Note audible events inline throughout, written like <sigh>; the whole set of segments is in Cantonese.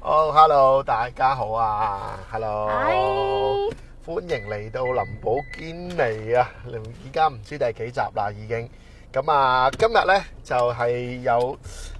好，hello，大家好啊，hello，歡迎嚟到林寶堅尼啊，你而家唔知第幾集啦已經，咁啊，今日咧就係有，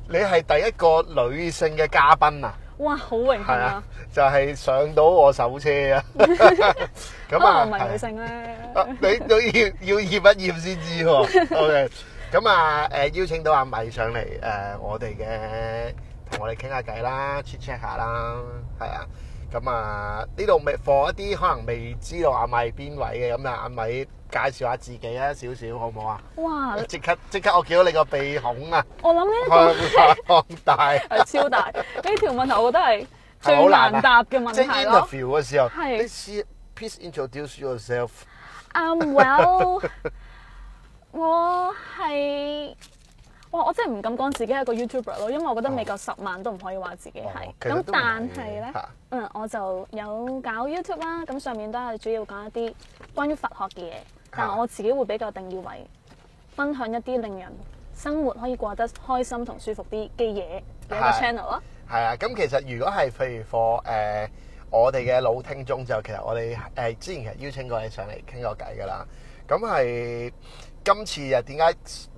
你係第一個女性嘅嘉賓啊，哇，好榮幸啊，就係上到我手車啊，咁啊，我唔係女性咧，你都要要驗一驗先知喎，ok，咁啊，誒邀請到阿米上嚟，誒我哋嘅。我哋傾下偈啦，check check 下啦，係啊，咁啊呢度未放一啲可能未知道阿米邊位嘅，咁啊阿米介紹下自己啊少少好唔好啊？哇！即刻即刻，我見到你個鼻孔啊！我諗呢一個放大 <laughs> 超大呢 <laughs> 條問題，我覺得係最難答嘅問題咯。係好難。即 interview 嘅時候，係 <laughs> 是 please introduce yourself、um, well。 <laughs> 嗯，well，我係。哇！我真係唔敢講自己係個 YouTuber 咯，因為我覺得未夠十萬都唔可以話自己係。咁、哦、但係咧，嗯、啊、我就有搞 YouTube 啦。咁上面都係主要講一啲關於佛學嘅嘢，啊、但係我自己會比較定義為分享一啲令人生活可以過得開心同舒服啲嘅嘢嘅一個 channel 咯。係啊，咁、啊、其實如果係譬如話誒，我哋嘅老聽眾就其實我哋誒、uh, 之前其實邀請過你上嚟傾過偈㗎喇，咁係。今次又點解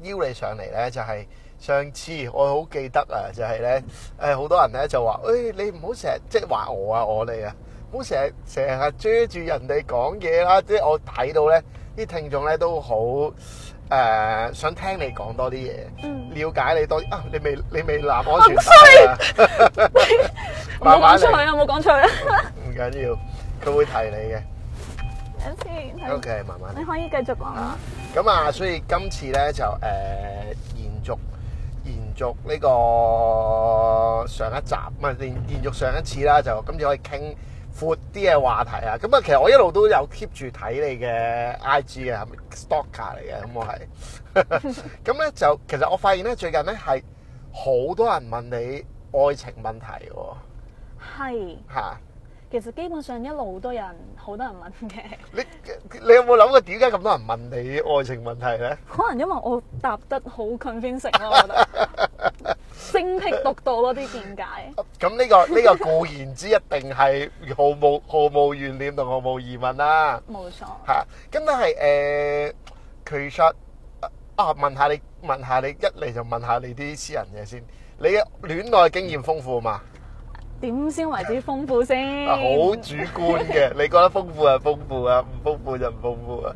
邀你上嚟咧？就係上次我好記得啊，就係咧，誒好多人咧就話：誒你唔好成日即係話我啊，我哋啊，唔好成日成日遮住人哋講嘢啦！即係我睇到咧，啲聽眾咧都好誒，想聽你講多啲嘢，瞭解你多啲啊！你未你未攬安全帶啊？冇講出去啊！冇講出去啊！唔緊要，佢會提你嘅。O、okay, K，慢慢你可以繼續講啦。咁啊，所以今次咧就誒、呃、延續延續呢個上一集，唔係連延續上一次啦，就今次可以傾闊啲嘅話題啊。咁啊，其實我一路都有 keep 住睇你嘅 I G 啊係咪 stalker 嚟嘅？咁我係咁咧，就其實我發現咧，最近咧係好多人問你愛情問題喎。係吓是。啊其實基本上一路好多人，好多人問嘅。你你有冇諗過點解咁多人問你愛情問題咧？可能因為我答得好 convincing 咯，我覺得精辟獨到咯啲見解。咁呢個呢、這個固然之一定係毫冇 <laughs> 毫冇懸念同毫冇疑問啦。冇錯。係啊，咁錯但係誒，其、呃、實啊，啊，問下你，問下你，一嚟就問下你啲私人嘢先。你戀愛經驗豐富嘛？啊點先為之豐富先？好主觀嘅，你覺得豐富係豐富啊，唔豐富就唔豐富啊。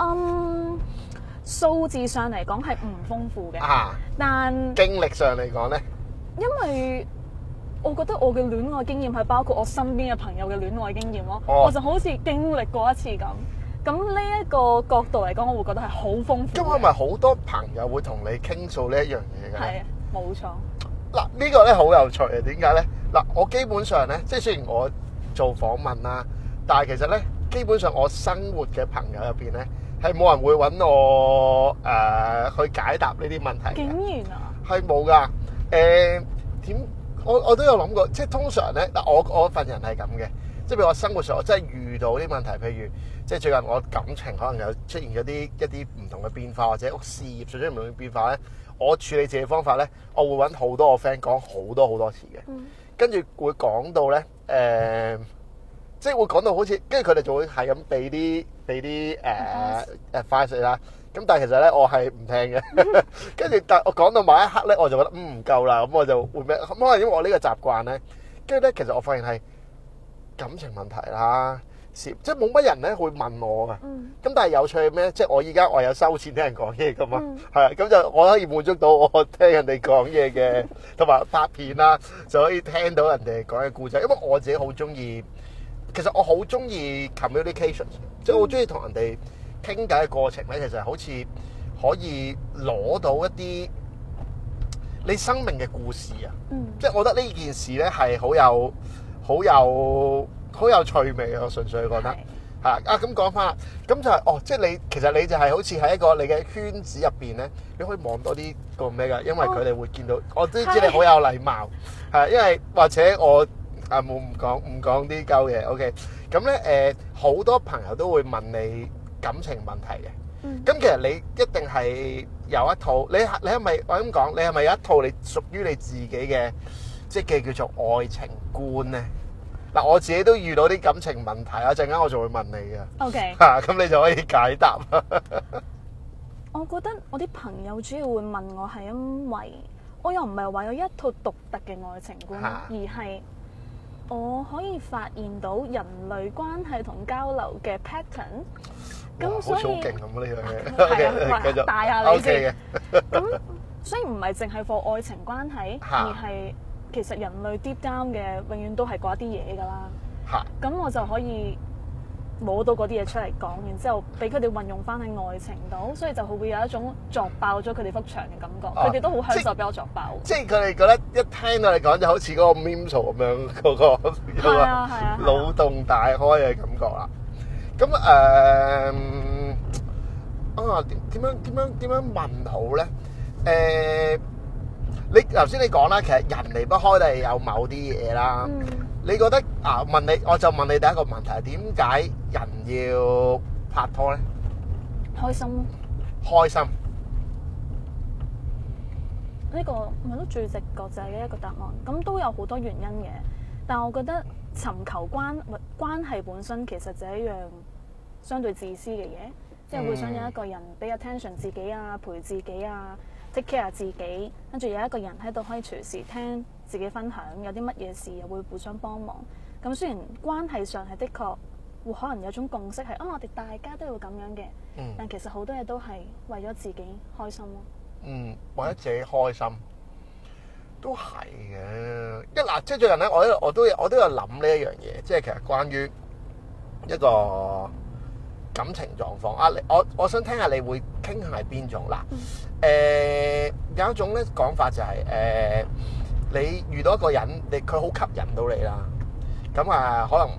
嗯，數字上嚟講係唔豐富嘅啊，但經歷上嚟講咧，因為我覺得我嘅戀愛經驗係包括我身邊嘅朋友嘅戀愛經驗咯。我就好似經歷過一次咁，咁呢一個角度嚟講，我會覺得係好豐富。咁係咪好多朋友會同你傾訴呢一樣嘢㗎？係啊，冇錯。嗱，呢個咧好有趣啊！點解咧？嗱，我基本上咧，即係雖然我做訪問啦，但係其實咧，基本上我生活嘅朋友入邊咧，係冇人會揾我誒、呃、去解答呢啲問題。竟然啊？係冇㗎。誒、呃、點？我我都有諗過，即係通常咧，嗱我我份人係咁嘅，即係譬如我生活上，我真係遇到啲問題，譬如即係最近我感情可能有出現咗啲一啲唔同嘅變化，或者屋事業上出唔同嘅變化咧，我處理自己方法咧，我會揾好多個 friend 講好多好多次嘅。嗯跟住會講到咧，誒、呃，即係會講到好似，跟住佢哋就會係咁俾啲俾啲誒誒 Advice 啦。咁但係其實咧，我係唔聽嘅。跟住但我講到某一刻咧，我就覺得嗯唔夠啦，咁我就會咩？可能因為我呢個習慣咧，跟住咧其實我發現係感情問題啦。即係冇乜人咧會問我噶，咁、嗯、但係有趣咩？即係我依家我有收錢聽人講嘢噶嘛，係啊、嗯，咁就我可以滿足到我聽人哋講嘢嘅，同埋拍片啦，就可以聽到人哋講嘅故事。因為我自己好中意，其實我好中意 communication，即係我好中意同人哋傾偈嘅過程咧，其實好似可以攞到一啲你生命嘅故事啊。即係、嗯、我覺得呢件事咧係好有好有。好有趣味啊！我純粹覺得嚇的啊，咁講翻，咁就係、是、哦，即係你其實你就係好似喺一個你嘅圈子入邊咧，你可以望多啲個咩噶？因為佢哋會見到，我都知你好有禮貌，係的因為或者我啊冇唔講唔講啲鳩嘢。OK，咁咧誒，好、呃、多朋友都會問你感情問題嘅，咁、嗯、其實你一定係有一套，你你係咪我咁講？你係咪有一套你屬於你自己嘅，即係嘅叫做愛情觀咧？嗱，我自己都遇到啲感情問題啊，陣間我就會問你嘅，吓咁 Okay.、啊、你就可以解答。 <laughs> 我覺得我啲朋友主要會問我係因為我又唔係話有一套獨特嘅愛情觀，啊、而係我可以發現到人類關係同交流嘅 pattern。咁所以好勁咁呢樣嘢，係啊，繼續帶下你嘅。咁雖然唔係淨係講愛情關係， <laughs> 而係。其實人類 deep down 嘅永遠都係講啲嘢噶啦，咁、啊、我就可以摸到嗰啲嘢出嚟講，然之後俾佢哋運用翻喺愛情度，所以就會有一種作爆咗佢哋幅牆嘅感覺，佢哋、啊、都好享受俾我作爆。啊、即係佢哋覺得一聽到你講就好似個 mindset 咁樣嗰、嗰個，腦洞、啊、大開嘅感覺啦。咁誒、呃、啊點樣點樣點樣問好咧？誒、啊。啊你頭先你講啦，其實人離不開都係有某啲嘢啦。你覺得啊？問你，我就問你第一個問題：點解人要拍拖咧？開心。開心。呢個我都最直覺就係呢一個答案。咁都有好多原因嘅，但係我覺得尋求關或關係本身其實就係一樣相對自私嘅嘢，即係會想有一個人俾 attention 自己啊，陪自己啊。即 a 自己，跟住有一個人喺度可以隨時聽自己分享，有啲乜嘢事又會互相幫忙。咁雖然關係上係的確會可能有種共識係，哦，我哋大家都要咁樣嘅。但其實好多嘢都係為咗自己開心咯、嗯。嗯，為咗自己開心都係嘅。一嗱，即最近咧，我我都我都有諗呢一樣嘢，即係其實關於一個。感情狀況啊，你我我想聽下你會傾向係邊種啦？誒、呃、有一種咧講法就係、是、誒、呃、你遇到一個人，你佢好吸引到你啦。咁啊、呃，可能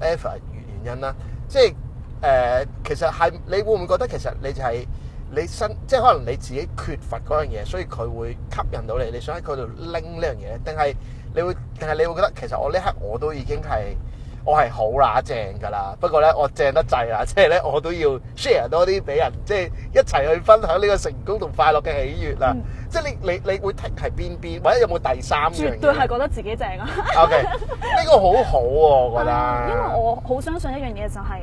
whatever 原因啦，即係誒、呃、其實係你會唔會覺得其實你就係、是、你身，即係可能你自己缺乏嗰樣嘢，所以佢會吸引到你，你想喺佢度拎呢樣嘢，定係你會定係你會覺得其實我呢刻我都已經係。我係好乸正㗎啦，不過咧我正得滯啦，即係咧我都要 share 多啲俾人，即係一齊去分享呢個成功同快樂嘅喜悅啦。嗯、即係你你你會 tick 係邊邊，或者有冇第三？絕對係覺得自己正啊！OK，呢個好好、啊、喎，我覺得。嗯、因為我好相信一樣嘢就係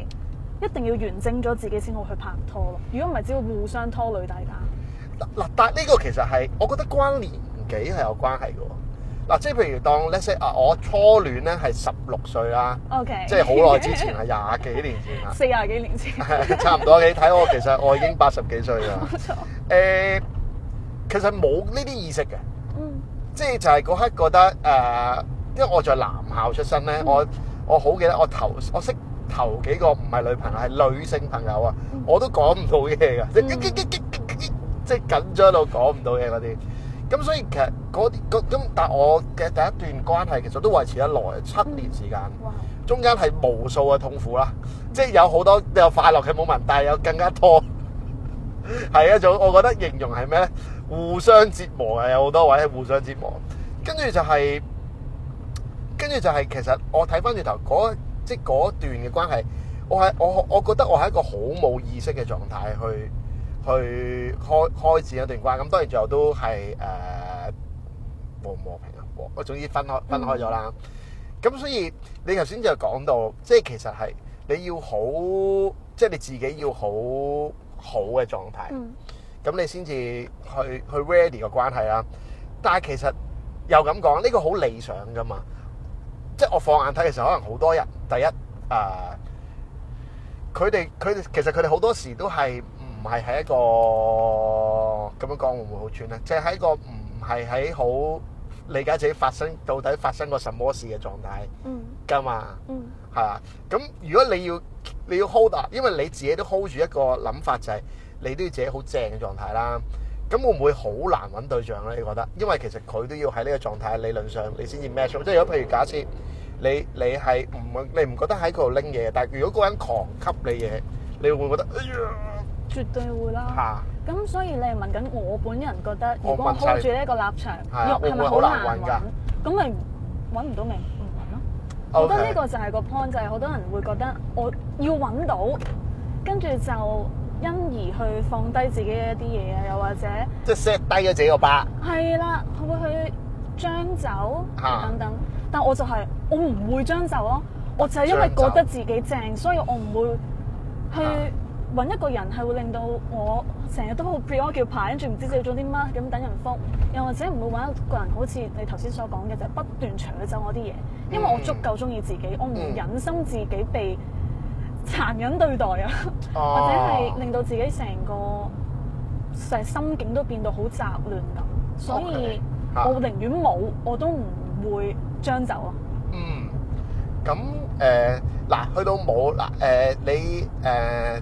一定要完整咗自己先好去拍拖咯。如果唔係，只會互相拖累大家。嗱但係呢個其實係我覺得關年紀係有關係嘅。嗱，即係譬如當咧啊，我初戀咧係十六歲啦，okay, 即係好耐之前係廿幾年前啦，四廿幾年前， <laughs> 差唔多，你睇我，其實我已經八十幾歲啦。冇錯。誒，其實冇呢啲意識嘅，即係、嗯、就係嗰刻覺得誒、呃，因為我在男校出身咧、嗯，我我好記得我頭我識頭幾個唔係女朋友係女性朋友啊，嗯、我都講唔到嘢嘅，即、嗯、 <laughs> 緊張到講唔到嘢嗰啲。咁所以其實嗰啲咁咁，但係我嘅第一段關係其實都維持咗耐七年時間，中間係無數嘅痛苦啦，即係有好多有快樂嘅 moment，但係有更加多係一種，我覺得形容係咩？互相折磨嘅有好多位，係互相折磨。跟住就係，跟住就係其實我睇翻轉頭嗰即係嗰段嘅關係，我係我我覺得我喺一個好冇意識嘅狀態去。去開開展一段關，咁當然最後都係誒和和平啊，和、呃，總之分開分開咗啦。咁、嗯、所以你頭先就講到，即係其實係你要好，即係你自己要好好嘅狀態，咁、嗯、你先至去去 ready 個關係啦。但係其實又咁講，呢個好理想噶嘛，即係我放眼睇嘅時候，可能好多人第一啊，佢哋佢哋其實佢哋好多時都係。唔係喺一個咁樣講會唔會好串咧？即係喺一個唔係喺好理解自己發生，到底發生過什麼事嘅狀態噶嘛？係啊。咁如果你要你要 hold 啊，因為你自己都 hold 住一個諗法，就係你都要自己好正嘅狀態啦。咁會唔會好難揾對象咧？你覺得？因為其實佢都要喺呢個狀態，理論上你先至 match 到。即係如果譬如假設你你係唔你唔覺得喺佢度拎嘢，但係如果嗰個人狂給你嘢，你會唔會覺得哎呀～絕對會啦，咁、啊、所以你問緊我本人覺得，如果 hold 住呢個立場，玉係咪好難揾？咁咪揾唔到命，唔揾咯。Okay. 我覺得呢個就係個 point，就係、是、好多人會覺得我要揾到，跟住就因而去放低自己嘅一啲嘢啊，又或者即係 set 低咗自己個 bar 係啦，佢唔會去將就、啊、等等，但我就係、是、我唔會將就咯，我就係因為覺得自己正，所以我唔會去。啊啊揾一個人係會令到我成日都好 preoccupied，跟住唔知做啲乜，咁等人覆。又或者唔會揾一個人，好似你頭先所講嘅，就不斷搶走我啲嘢，嗯、因為我足夠中意自己，我唔忍心自己被殘忍對待啊，嗯、或者係令到自己成個成心境都變到好雜亂咁，所以我寧願冇，我都唔會將就啊。嗯，咁誒嗱，去到冇嗱誒，uh, 你誒。Uh,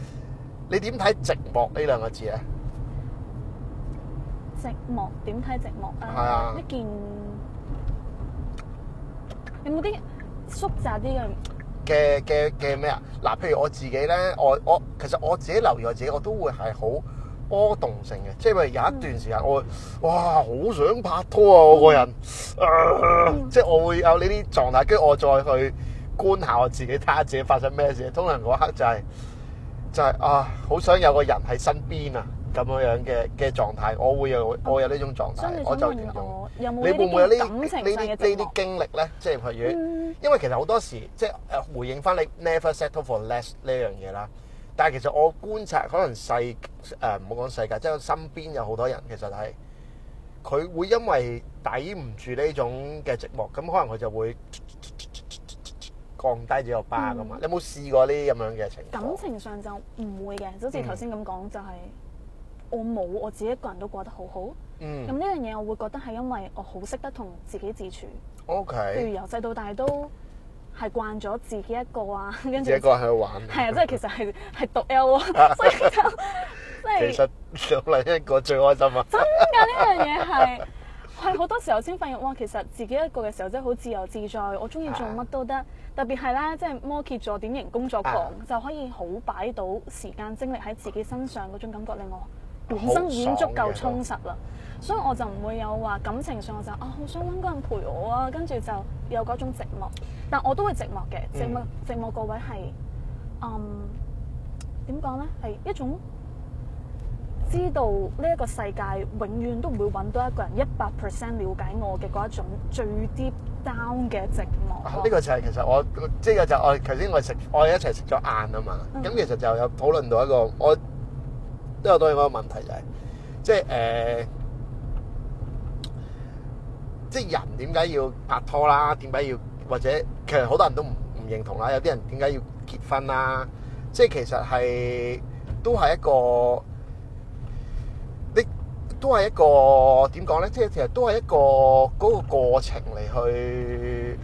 你點睇寂寞呢兩個字啊？寂寞點睇寂寞啊？係啊。一件有冇啲縮窄啲嘅？嘅嘅嘅咩啊？嗱，譬如我自己咧，我我其實我自己留意我自己，我都會係好波動性嘅，即係譬如有一段時間我哇好想拍拖啊，我個人，即係我會有呢啲狀態，跟住我再去觀下我自己，睇下自己發生咩事。通常嗰刻就係。就係啊，好想有個人喺身邊啊，咁樣樣嘅嘅狀態，我會有，我有呢種狀態，我就會遇到。你會唔會有呢啲呢啲呢啲經歷咧？即係譬如，因為其實好多時即係誒回應翻你 never settle for less 呢樣嘢啦。但係其實我觀察，可能世誒唔好講世界，即係身邊有好多人其實係佢會因為抵唔住呢種嘅寂寞，咁可能佢就會。降低咗個巴噶嘛？嗯、你有冇試過呢啲咁樣嘅情？感情上就唔會嘅，嗯、就好似頭先咁講就係我冇我自己一個人都過得好好。嗯，咁呢樣嘢我會覺得係因為我好識得同自己自處。O K、嗯。譬、okay、如由細到大都係慣咗自己一個啊，跟住一個喺度玩。係啊，即係其實係係毒 L 喎。所以就即係其實上嚟一個最開心啊！そう <laughs> 真㗎，呢樣嘢係。係好多時候先發現，哇！其實自己一個嘅時候真係好自由自在，我中意做乜都得。啊、特別係咧，即係摩羯座典型工作狂，啊、就可以好擺到時間精力喺自己身上嗰種感覺，令我本身已經足夠充實啦。啊、所以我就唔會有話感情上我就啊，好想揾個人陪我啊，跟住就有嗰種寂寞。但我都會寂寞嘅，寂寞寂寞個位係，嗯，點講咧？係一種。知道呢一個世界永遠都唔會揾到一個人一百 percent 了解我嘅嗰一種最 deep down 嘅寂寞。呢、這個就係、是、其實我即係就是、我頭先我食我哋一齊食咗晏啊嘛。咁、嗯、其實就有討論到一個我都有討論一個問題就係、是、即係誒、呃、即係人點解要拍拖啦？點解要或者其實好多人都唔唔認同啦？有啲人點解要結婚啦？即係其實係都係一個。都係一個點講咧？即係其實都係一個嗰個過程嚟去。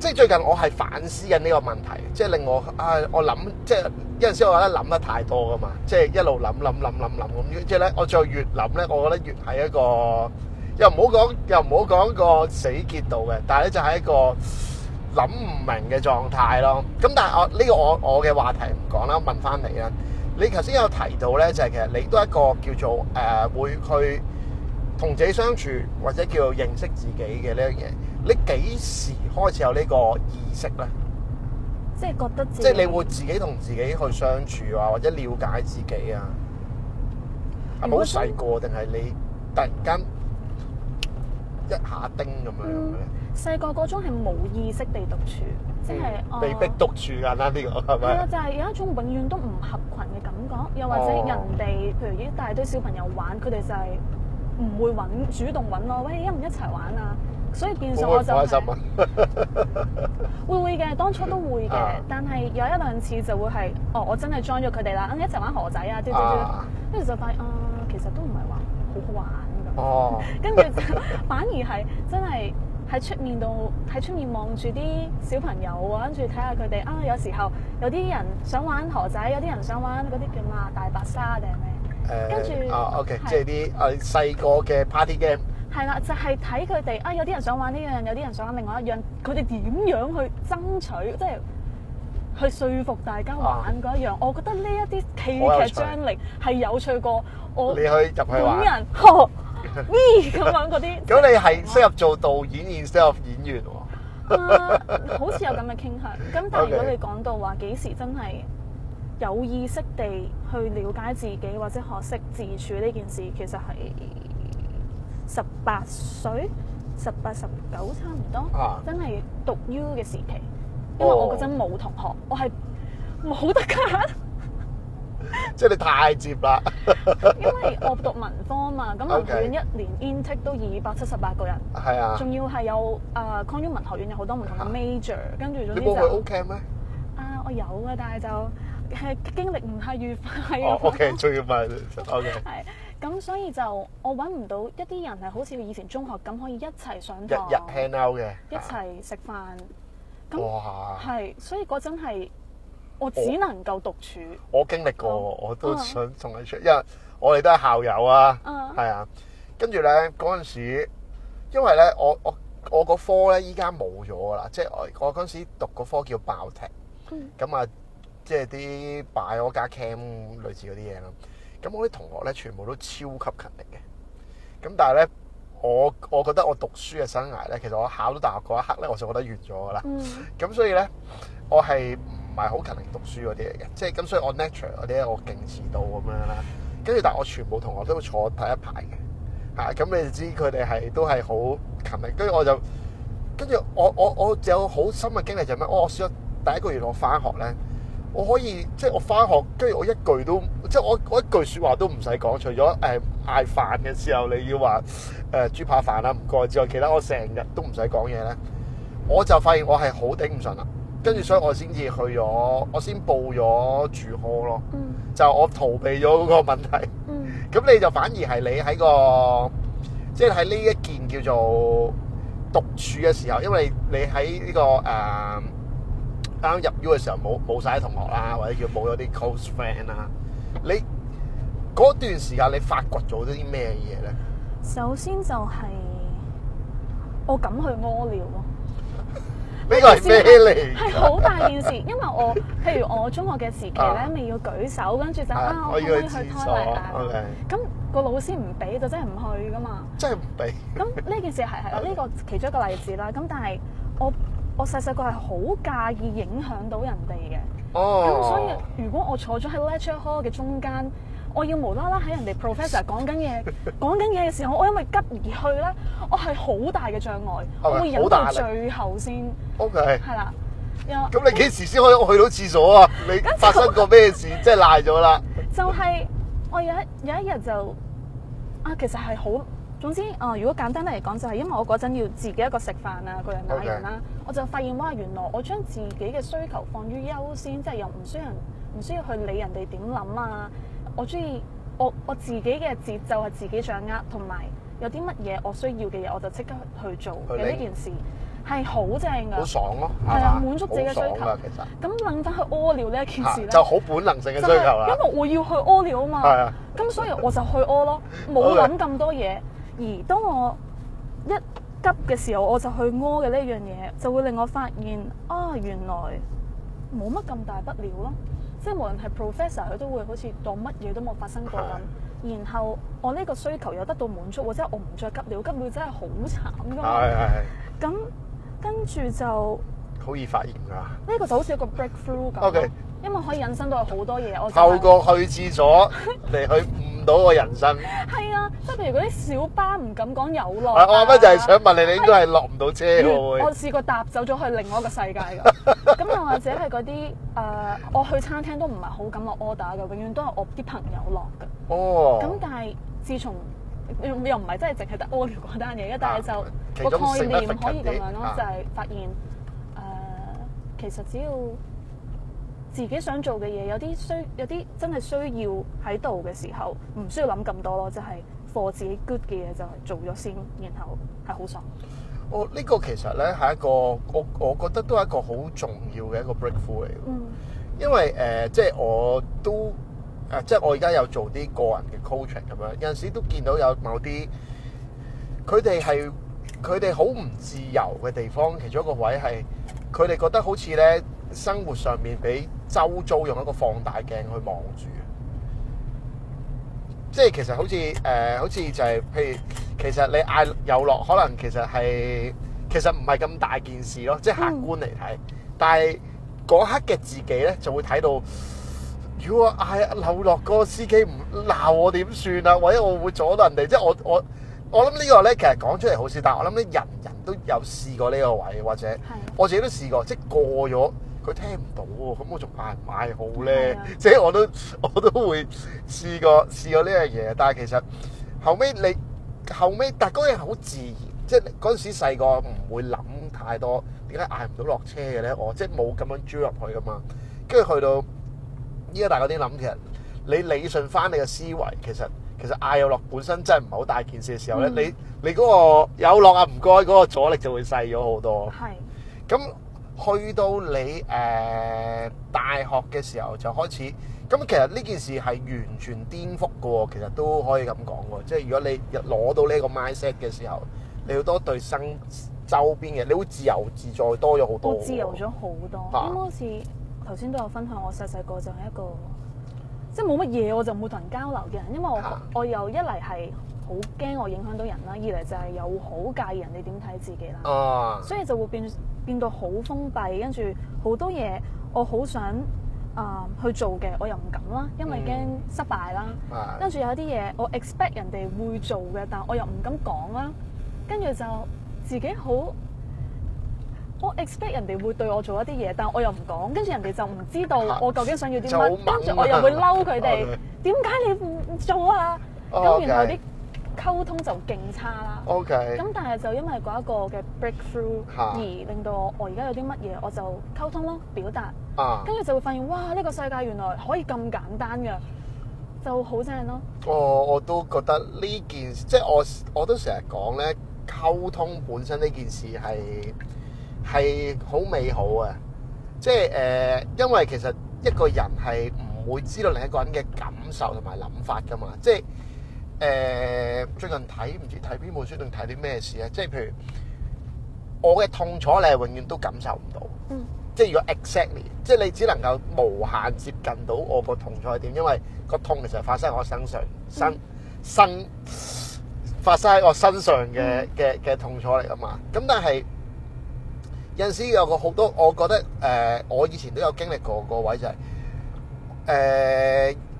即係最近我係反思緊呢個問題，即係令我啊，我諗即係有陣時我覺得諗得太多噶嘛。即係一路諗諗諗諗諗咁，即係咧我最後越諗咧，我覺得越係一個又唔好講，又唔好講個死結度嘅。但係咧就係一個諗唔明嘅狀態咯。咁但係我呢個我我嘅話題唔講啦，我問翻你啦。你頭先有提到咧，就係、是、其實你都係一個叫做誒、呃、會去同自己相處，或者叫做認識自己嘅呢樣嘢。你幾時開始有呢個意識咧？即係覺得即係你會自己同自己去相處啊，或者了解自己啊？好細個定係你突然間？一下叮咁樣嘅，細個嗰種係冇意識地獨處，即係、嗯呃、被逼獨處緊啦。呢、呢個係咪？係啊，就係、係、有一種永遠都唔合群嘅感覺。又或者、哦、人哋，譬如一大堆小朋友玩，佢哋就係唔會主動揾我，喂一唔一齊玩啊？所以變相我就係、唔開心、啊、 <laughs> 會會嘅，當初都會嘅，但係有一兩次就會係哦，我真係 join 咗佢哋啦，嗯，一齊玩河仔啊，啲啲啲，跟住就發現啊，其實都唔係話好好玩。哦，跟住 <laughs> 反而係真係喺出面度喺出面望住啲小朋友啊，跟住睇下佢哋啊。有時候有啲人想玩河仔，有啲人想玩嗰啲叫咩大白鯊定係咩？呃、跟住著啊，OK，是即係啲誒細個嘅 party game 係啦，就係睇佢哋啊。有啲人想玩呢、這、樣、個，有啲人想玩另外一樣。佢哋點樣去爭取，即、就、係、是、去說服大家玩嗰一、啊、樣？我覺得呢一啲戲劇張力係有趣過我。你去入去玩，好。 <laughs> 咦，咁樣嗰啲？如果 <music> 你係適合做導演，然唔適合演員喎、啊？ <laughs> uh, 好似有咁嘅傾向。咁但係如果你講到話，幾時真係有意識地去了解自己或者學識自處呢件事，其實係十八歲、十八十九差唔多。Uh. 真係讀 U 嘅時期，因為我嗰陣冇同學，我係冇得揀。 <laughs> 即係你太接啦，因為我讀文科嘛，咁文學院一年 intake 都二百七十八個人，係啊，仲要係有啊，康雍文學院有好多唔同嘅 major，跟住總之就 OK 咩？啊，我有啊，但係就係經歷唔係愉快啊。OK，sorry，OK 係咁，所以就我搵唔到一啲人係好似以前中學咁可以一齊上堂，日日 hang out 嘅，一齊食飯，咁係，所以嗰陣係。我只能夠獨處。我，我經歷過，oh, uh huh. 我都想同你出，因為我哋都係校友啊，係、uh huh. 啊。跟住咧嗰陣時，因為咧我我我個科咧依家冇咗啦，即係我我嗰陣時讀個科叫 Biotech，咁啊，即係啲擺我家 cam 類似嗰啲嘢啦。咁我啲同學咧全部都超級勤力嘅。咁但係咧，我我覺得我讀書嘅生涯咧，其實我考到大學嗰一刻咧，我就覺得完咗噶啦。咁、mm hmm. 所以咧，我係。唔係好勤力讀書嗰啲嚟嘅，即係咁，所以我 nature 嗰啲咧，我勁遲到咁樣啦。跟住，但係我全部同學都坐第一排嘅，嚇、啊、咁你就知佢哋係都係好勤力。跟住我就，跟住我我我,我有好深嘅經歷就係、是、咩、哦？我上第一個月我返學咧，我可以即係我返學，跟住我一句都即係我我一句説話都唔使講，除咗誒嗌飯嘅時候你要話誒豬扒飯啦，唔該之外，其他我成日都唔使講嘢咧，我就發現我係好頂唔順啦。跟住所以我，我先至去咗，我先報咗住 hall 咯。就我逃避咗嗰個問題。咁、嗯、你就反而係你喺個，即係喺呢一件叫做獨處嘅時候，因為你喺呢、這個誒啱、呃、入 U 嘅時候冇冇曬同學啊，或者叫冇咗啲 close friend 啊。你嗰段時間，你發掘咗啲咩嘢咧？首先就係、是、我敢去屙尿咯。呢個咩嚟？係好 <laughs> 大件事，因為我譬如我中學嘅時期咧，未、啊、要舉手，跟住就啊，我要可可以去拖泥帶水。咁 Okay. 個老師唔俾，就真係唔去㗎嘛。真係唔俾。咁 <laughs> 呢件事係係呢個其中一個例子啦。咁但係我我細細個係好介意影響到人哋嘅。哦。咁所以如果我坐咗喺 lecture hall 嘅中間。我要無啦啦喺人哋 professor 講緊嘢，講緊嘢嘅時候，我因為急而去咧，我係好大嘅障礙，okay, 我會忍到最後先。O K 係啦，咁你幾時先可以去到廁所啊？ <laughs> 你發生過咩事？即係賴咗啦？就係我有有一日就啊，其實係好，總之啊、呃，如果簡單嚟講，就係因為我嗰陣要自己一個食飯啊，個人打人啦，Okay. 我就發現哇，原來我將自己嘅需求放於優先，即係又唔需要人，唔需要去理人哋點諗啊。我中意我我自己嘅節奏係自己掌握，同埋有啲乜嘢我需要嘅嘢，我就即刻去做嘅呢件事係好正㗎，好爽咯，係啊，吧滿足自己嘅需求、啊。其實咁諗返去屙尿呢一件事咧，就好本能性嘅需求啦，因為我要去屙尿啊嘛，咁、啊、所以我就去屙咯，冇諗咁多嘢。 <laughs> 的而當我一急嘅時候，我就去屙嘅呢樣嘢，就會令我發現啊、哦，原來冇乜咁大不了咯。即係無論係 professor，佢都會好似當乜嘢都冇發生過咁。的然後我呢個需求又得到滿足，或者我唔再急了，急了真係好慘㗎嘛。係係係。咁跟住就好易發現㗎。呢個就好似一個 breakthrough 咁。Okay. 因為可以引申到好多嘢，我透過去廁所嚟去悟到我人生。係啊，即係譬如嗰啲小巴唔敢講有落。我乜就係想問你，你應該係落唔到車嘅會。我試過搭走咗去另外一個世界㗎。咁又或者係嗰啲誒，我去餐廳都唔係好敢落 order 㗎，永遠都係我啲朋友落㗎。哦。咁但係自從又唔係真係淨係得 order 嗰單嘢嘅，但係就個概念可以咁樣咯，就係發現誒，其實只要。自己想做嘅嘢，有啲需有啲真係需要喺度嘅時候，唔需要諗咁多咯。就係 for 自己 good 嘅嘢就係做咗先，然後係好爽。哦，呢個其實咧係一個我我覺得都係一個好重要嘅一個 breakthrough 嚟嘅。嗯。因為誒，即係我都誒，即係我而家有做啲個人嘅 coaching 咁樣，有陣時都見到有某啲佢哋係佢哋好唔自由嘅地方，其中一個位係佢哋覺得好似咧生活上面俾。收租用一個放大鏡去望住，即係其實好似誒、呃，好似就係、是，譬如其實你嗌有落，可能其實係，其實唔係咁大件事咯。即係客觀嚟睇，嗯、但係嗰刻嘅自己咧，就會睇到如果嗌有落個司機唔鬧我點算啊？或者我會阻到人哋，即係我我我諗呢個咧，其實講出嚟好似，但係我諗啲人人都有試過呢個位，或者我自己都試過，的即係過咗。佢聽唔到喎，咁我仲嗌唔嗌好咧？啊、即係我都我都會試過試過呢樣嘢。但係其實後尾，你後尾但係嗰陣好自然，即係嗰陣時細個唔會諗太多點解嗌唔到落車嘅咧。我即係冇咁樣追入去噶嘛。跟住去到依家大個啲諗嘅人，你理順翻你嘅思維，其實其實嗌有落本身真係唔係好大件事嘅時候咧、嗯，你你嗰個有落啊唔該嗰個阻力就會細咗好多。係咁是。去到你誒、呃、大學嘅時候就開始咁，其實呢件事係完全顛覆嘅，其實都可以咁講喎，即係如果你攞到呢個 mindset 嘅時候，你好多對新周邊嘅，你會自由自在多咗好多，多。都自由咗好多。咁好似頭先都有分享，我細細個就係一個即係冇乜嘢，我就冇同人交流嘅人，因為我、啊、我又一嚟係。好驚我影響到人啦，二嚟就係有好介意人哋點睇自己啦，oh. 所以就會變變到好封閉，跟住好多嘢我好想啊、呃、去做嘅，我又唔敢啦，因為驚失敗啦。跟住、mm. 有啲嘢我 expect 人哋會做嘅，但我又唔敢講啦。跟住就自己好，我 expect 人哋會對我做一啲嘢，但我又唔講，跟住人哋就唔知道我究竟想要啲乜，跟住 <laughs> 懶我又會嬲佢哋。點解 <laughs> Okay. 你唔做啊？咁、oh, okay. 然後啲。溝通就勁差啦，OK，咁但係就因為嗰一個嘅 breakthrough、啊、而令到我，而家有啲乜嘢我就溝通咯，表達，跟住、啊、就會發現哇，呢、呢個世界原來可以咁簡單㗎，就好正咯。我、哦、我都覺得呢件事，即係我我都成日講咧，溝通本身呢件事係係好美好啊。即係誒、呃，因為其實一個人係唔會知道另一個人嘅感受同埋諗法噶嘛，即係。誒，最近睇唔知睇邊本書定睇啲咩事啊？即係譬如我嘅痛楚，你係永遠都感受唔到，即係如果 exactly，即係你只能夠無限接近到我個痛楚係點，因為個痛其實發生喺我身上身身發生喺我身上嘅嘅嘅痛楚嚟㗎嘛。咁但係有陣時有個好多，我覺得誒，我以前都有經歷過個位就係誒，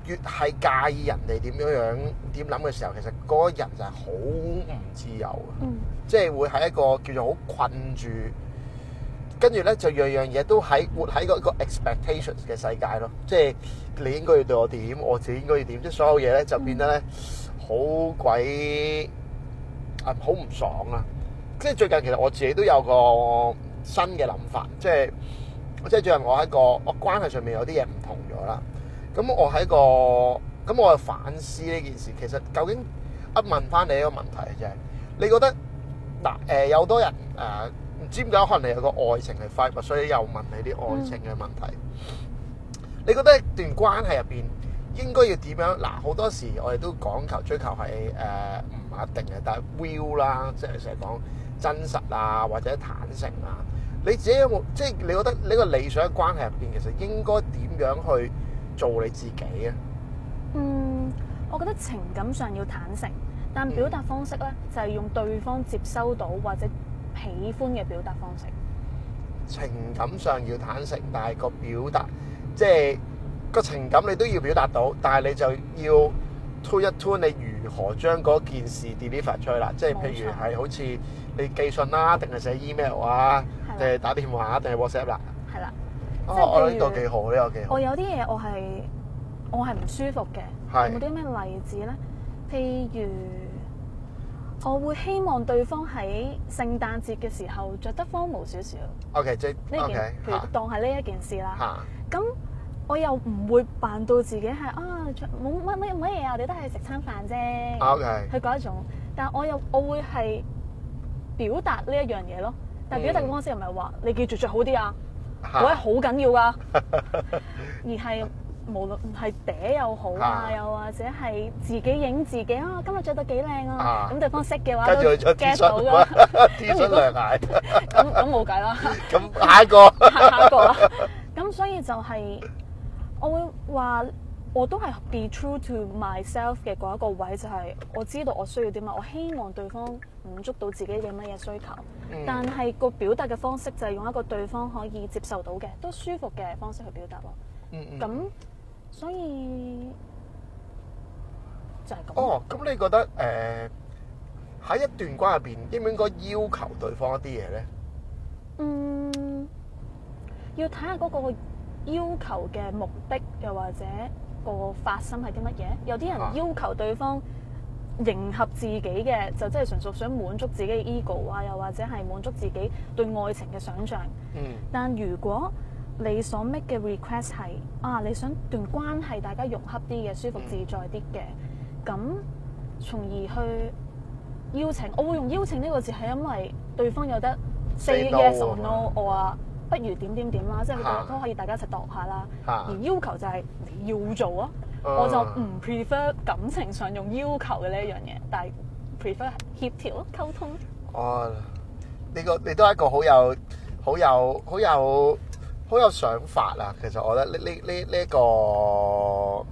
越係介意人哋點樣樣點諗嘅時候，其實嗰人就係好唔自由嘅，嗯、即係會喺一個叫做好困住，跟住咧就樣樣嘢都喺活喺個一個,個 expectations 嘅世界咯。即係你應該要對我點，我自己應該要點，即係所有嘢咧就變得咧好鬼啊，好唔爽啊！即係最近其實我自己都有個新嘅諗法，即係即係最近我喺個我關係上面有啲嘢唔同咗啦。咁我喺個。咁我啊反思呢件事，其實究竟一問翻你一個問題，就係你覺得嗱誒、呃，有多人誒唔、呃、知點解可能你有個愛情係困惑，所以又問你啲愛情嘅問題。嗯、你覺得一段關係入邊應該要點樣嗱？好、呃、多時我哋都講求追求係誒唔一定嘅，但係 will 啦，即係成日講真實啊，或者坦誠啊。你自己有冇即係你覺得你個理想嘅關係入邊，其實應該點樣去做你自己啊？嗯，我覺得情感上要坦誠，但表達方式咧、嗯、就係用對方接收到或者喜歡嘅表達方式。情感上要坦誠，但係個表達即係、就是、個情感你都要表達到，但係你就要 tune 一 tune 你如何將嗰件事 deliver 出去啦。即係錯譬如係好似你寄信啦，定係寫 email 啊，定係、啊嗯、打電話，定係 WhatsApp 啦。係啦、啊。了哦，我呢度幾好呢、呢個技巧。我有啲嘢我係。我係唔舒服嘅，是有冇啲咩例子咧？譬如我會希望對方喺聖誕節嘅時候着得荒謬少少。O K，即呢件，okay，譬如當係呢一件事啦。咁、啊、我又唔會扮到自己係啊，冇乜乜乜嘢啊，我哋都係食餐飯啫。O K，係嗰一種，但係我又我會係表達呢一樣嘢咯。但係表達嘅方式又唔係話你記住着好啲啊，我係好緊要噶， <laughs> 而係。無論唔係嗲又好啊，又或者係自己影自己啊，今日着得幾靚啊！咁對方識嘅話都 get 到嘅，咁咁冇計啦。咁下一個。 <laughs> 下一個啦。咁 <laughs> 所以就係、是、我會話，我都係 be true to myself 嘅嗰一個位，就係、是、我知道我需要啲乜，我希望對方滿足到自己嘅乜嘢需求。嗯、但係個表達嘅方式就係用一個對方可以接受到嘅，都舒服嘅方式去表達咯。咁、嗯。嗯所以就係咁。哦，咁你覺得誒喺、呃、一段關係入邊應唔應該要求對方一啲嘢咧？嗯，要睇下嗰個要求嘅目的，又或者個發生係啲乜嘢？有啲人要求對方迎合自己嘅，啊、就真係純屬想滿足自己嘅 ego 啊，又或者係滿足自己對愛情嘅想象。嗯，但如果你所 make 嘅 request 係啊，你想段關係大家融洽啲嘅，舒服自在啲嘅，咁、嗯、從而去邀請。我會用邀請呢個字係因為對方有得 say <music> yes or no，我話、啊、 <music> 不如點點點啦，即係佢都可以大家一齊度下啦。哈而要求就係、你、要做啊，嗯、我就唔 prefer 感情上用要求嘅呢一樣嘢，但係 prefer 協調溝通。哦，你個你都係一個好有好有好有。好有好有好有想法啊！其實我覺得呢呢呢呢個，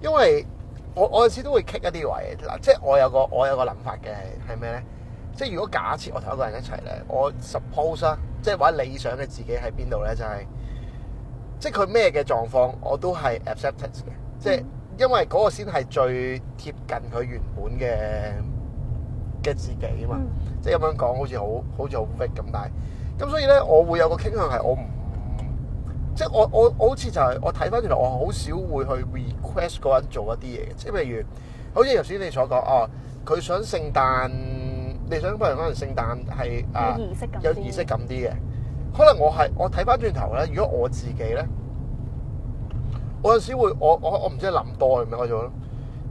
因為我我有時都會棘一啲位啦。即係我有個我有個諗法嘅係咩呢？即係如果假設我同一個人一齊呢，我 suppose 啦，即係揾理想嘅自己喺邊度呢？就係即係佢咩嘅狀況我都係 acceptance 嘅。即係因為嗰個先係最貼近佢原本嘅嘅自己啊嘛。即係咁樣講，好似好好似好 fit 咁，但係。咁所以咧，我會有個傾向係，我唔即係我我我好似就係我睇翻轉頭，我好少會去 request 嗰個人做一啲嘢嘅。即係譬如，好似頭先你所講，哦，佢想聖誕，你想幫人翻嚟聖誕係啊，有儀式感啲嘅。可能我係我睇翻轉頭咧，如果我自己咧，我有時會我我我唔知係諗多定咩咗咯。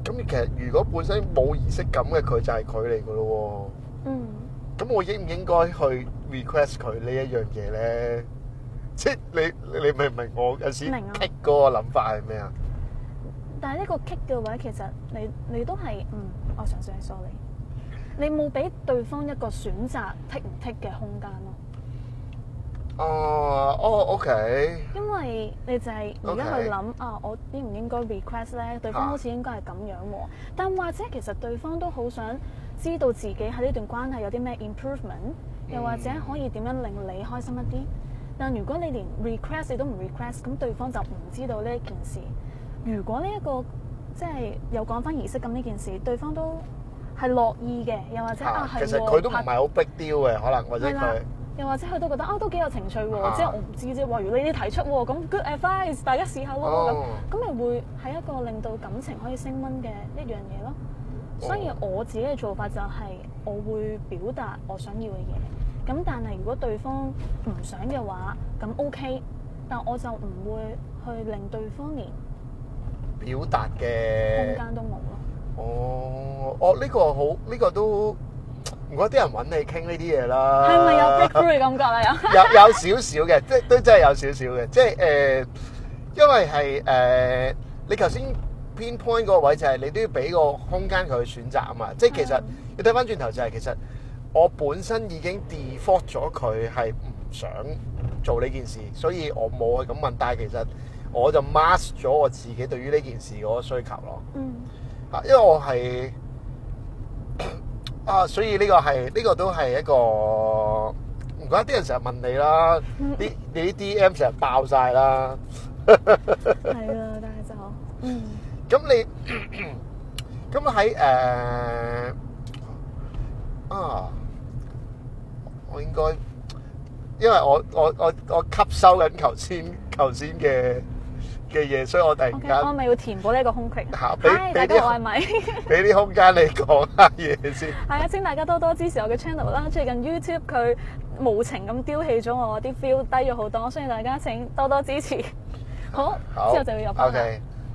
咁其實如果本身冇儀式感嘅佢就係佢嚟噶咯喎。嗯。咁我應唔應該去？request 佢呢一樣嘢咧，即係你你你明唔明我有時剔嗰個諗法係咩啊？但係呢個 kick 嘅話，其實你你都係嗯，我嘗試係 sorry，你冇俾對方一個選擇剔唔剔嘅空間咯。哦，哦，OK。因為你就係而家去諗 Okay. 啊，我應唔應該 request 咧？對方好似應該係咁樣喎。啊，啊。但或者其實對方都好想知道自己喺呢段關係有啲咩 improvement。又或者可以點樣令你開心一啲？但如果你連 request 都唔 request，咁對方就唔知道呢一件事。如果呢、這、一個即係又講翻儀式咁呢件事，對方都係樂意嘅。又或者啊，係、啊，佢都唔係好逼刁嘅，可能或者佢又或者佢都覺得啊，都幾有情趣喎。啊啊、即係我唔知即係，話、啊、如你啲提出咁 good advice，大家試下咯咁，咁咪、哦、會係一個令到感情可以升溫嘅一樣嘢咯。所以我自己嘅做法就係我會表達我想要嘅嘢，咁但係如果對方唔想嘅話，咁 OK，但我就唔會去令對方連表達嘅空間都冇咯。哦，哦，呢個好，呢個都，唔怪啲人揾你傾呢啲嘢啦。係咪有 breakthrough 感覺啊？ <laughs> 有，有少少嘅，即係都真係有少少嘅，即係誒，因為係誒、呃，你頭先。Pinpoint 嗰個位就係你都要俾個空間佢去選擇啊嘛，嗯、即係其實你睇翻轉頭就係其實我本身已經 default 咗佢係唔想做呢件事，所以我冇去咁問。但係其實我就 mask 咗我自己對於呢件事嗰個需求咯。嗯，啊，因為我係 <coughs> 啊，所以呢個係呢、呢個都係一個，唔怪得啲人成日問你啦，啲、嗯、你啲 DM 成日爆晒啦。係啊、嗯。 <laughs> 咁你咁喺誒啊， <coughs> 我，uh, 我應該因為我我我我吸收緊頭先頭先嘅嘅嘢，所以我哋，okay，我咪要填補呢個空隙。嚇、啊，俾俾大家我係米，俾 <laughs> 啲空間你講下嘢先。係啊，請大家多多支持我嘅 channel 啦！最近 YouTube 佢無情咁丟棄咗我，啲 feel 低咗好多，所以大家請多多支持。好，好好之後就會入翻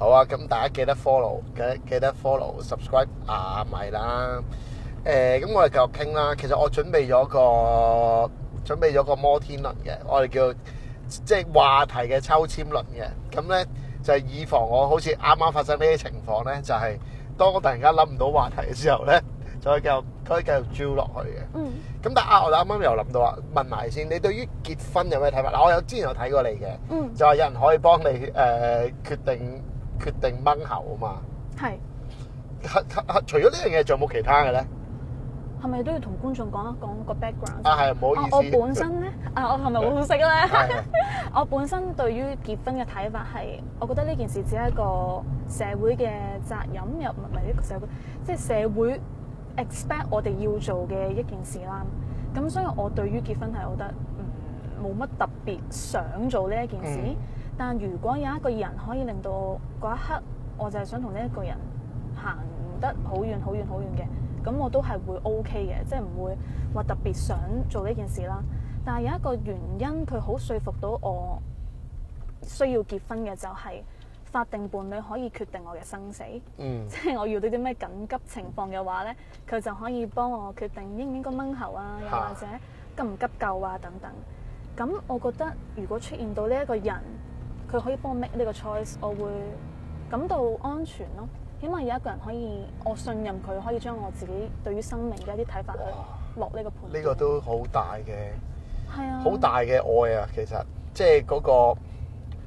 好啊，咁大家記得 follow，記記得 follow，subscribe 阿米啦。誒、呃，咁我哋繼續傾啦。其實我準備咗個準備咗個摩天輪嘅，我哋叫即係話題嘅抽籤輪嘅。咁咧就係、是、以防我好似啱啱發生咩情況咧，就係、是、當我突然間諗唔到話題嘅時候咧，就可以繼續可以繼續 draw 落去嘅。咁、嗯、但係啊，我啱啱又諗到啊，問埋先，你對於結婚有咩睇法？嗱，我有之前有睇過你嘅，嗯、就話有人可以幫你誒、呃、決定。決定掹喉啊嘛！係是，係、啊、除咗呢樣嘢，仲有冇其他嘅咧？係咪都要同觀眾講一講個 background？啊係，我、啊、我本身咧， <laughs> 啊我係咪好識咧？啊、 <laughs> 我本身對於結婚嘅睇法係，我覺得呢件事只係一個社會嘅責任又唔係一個社會，即係社會 expect 我哋要做嘅一件事啦。咁所以我對於結婚係覺得，嗯，冇乜特別想做呢一件事。嗯但如果有一個人可以令到嗰一刻，我就係想同呢一個人行得好遠好遠好遠嘅，咁我都係會 OK 嘅，即係唔會話特別想做呢件事啦。但係有一個原因，佢好說服到我需要結婚嘅就係法定伴侶可以決定我嘅生死，嗯、即係我遇到啲咩緊急情況嘅話咧，佢就可以幫我決定應唔應該掹喉啊，又或者急唔急救啊等等。咁我覺得，如果出現到呢一個人，佢可以幫 make 呢個 choice，我會感到安全咯。起碼有一個人可以，我信任佢可以將我自己對於生命嘅一啲睇法去落呢個盤。呢、這個都好大嘅，係啊的，好大嘅愛啊！其實即係嗰、那個，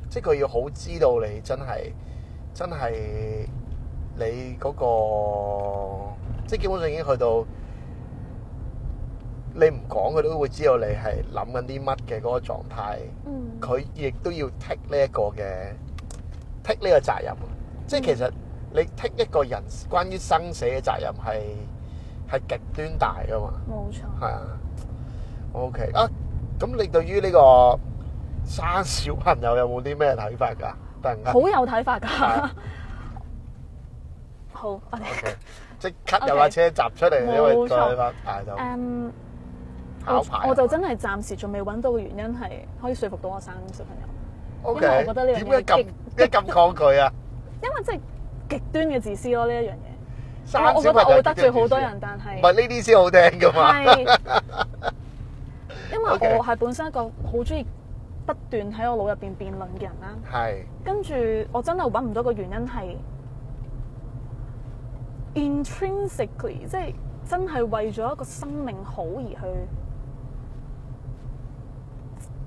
即係佢要好知道你真係真係你嗰、那個，即係基本上已經去到。你唔講佢都會知道你係諗緊啲乜嘅嗰個狀態，佢亦都要 take 呢一個嘅 take 呢個責任。即係其實你 take 一個人關於生死嘅責任係係極端大㗎嘛。冇錯。係啊。O K 啊，咁你對於呢個生小朋友有冇啲咩睇法㗎？突然間。好有睇法㗎。好。O K，即刻入下車閘出嚟，因為再翻大就。嗯。我就真係暫時仲未揾到嘅原因係，可以説服到我生小朋友。Okay，因為我覺得呢樣點解咁點解咁抗拒啊？因為真係極端嘅自私咯，呢一樣嘢。但係我覺得我會得罪好多人，但係唔係呢啲先好聽㗎嘛。是 <laughs> 因為我係本身一個好中意不斷喺我腦入邊辯論嘅人啦。係是。跟住我真係揾唔到個原因係 intrinsically 即係真係為咗一個生命好而去。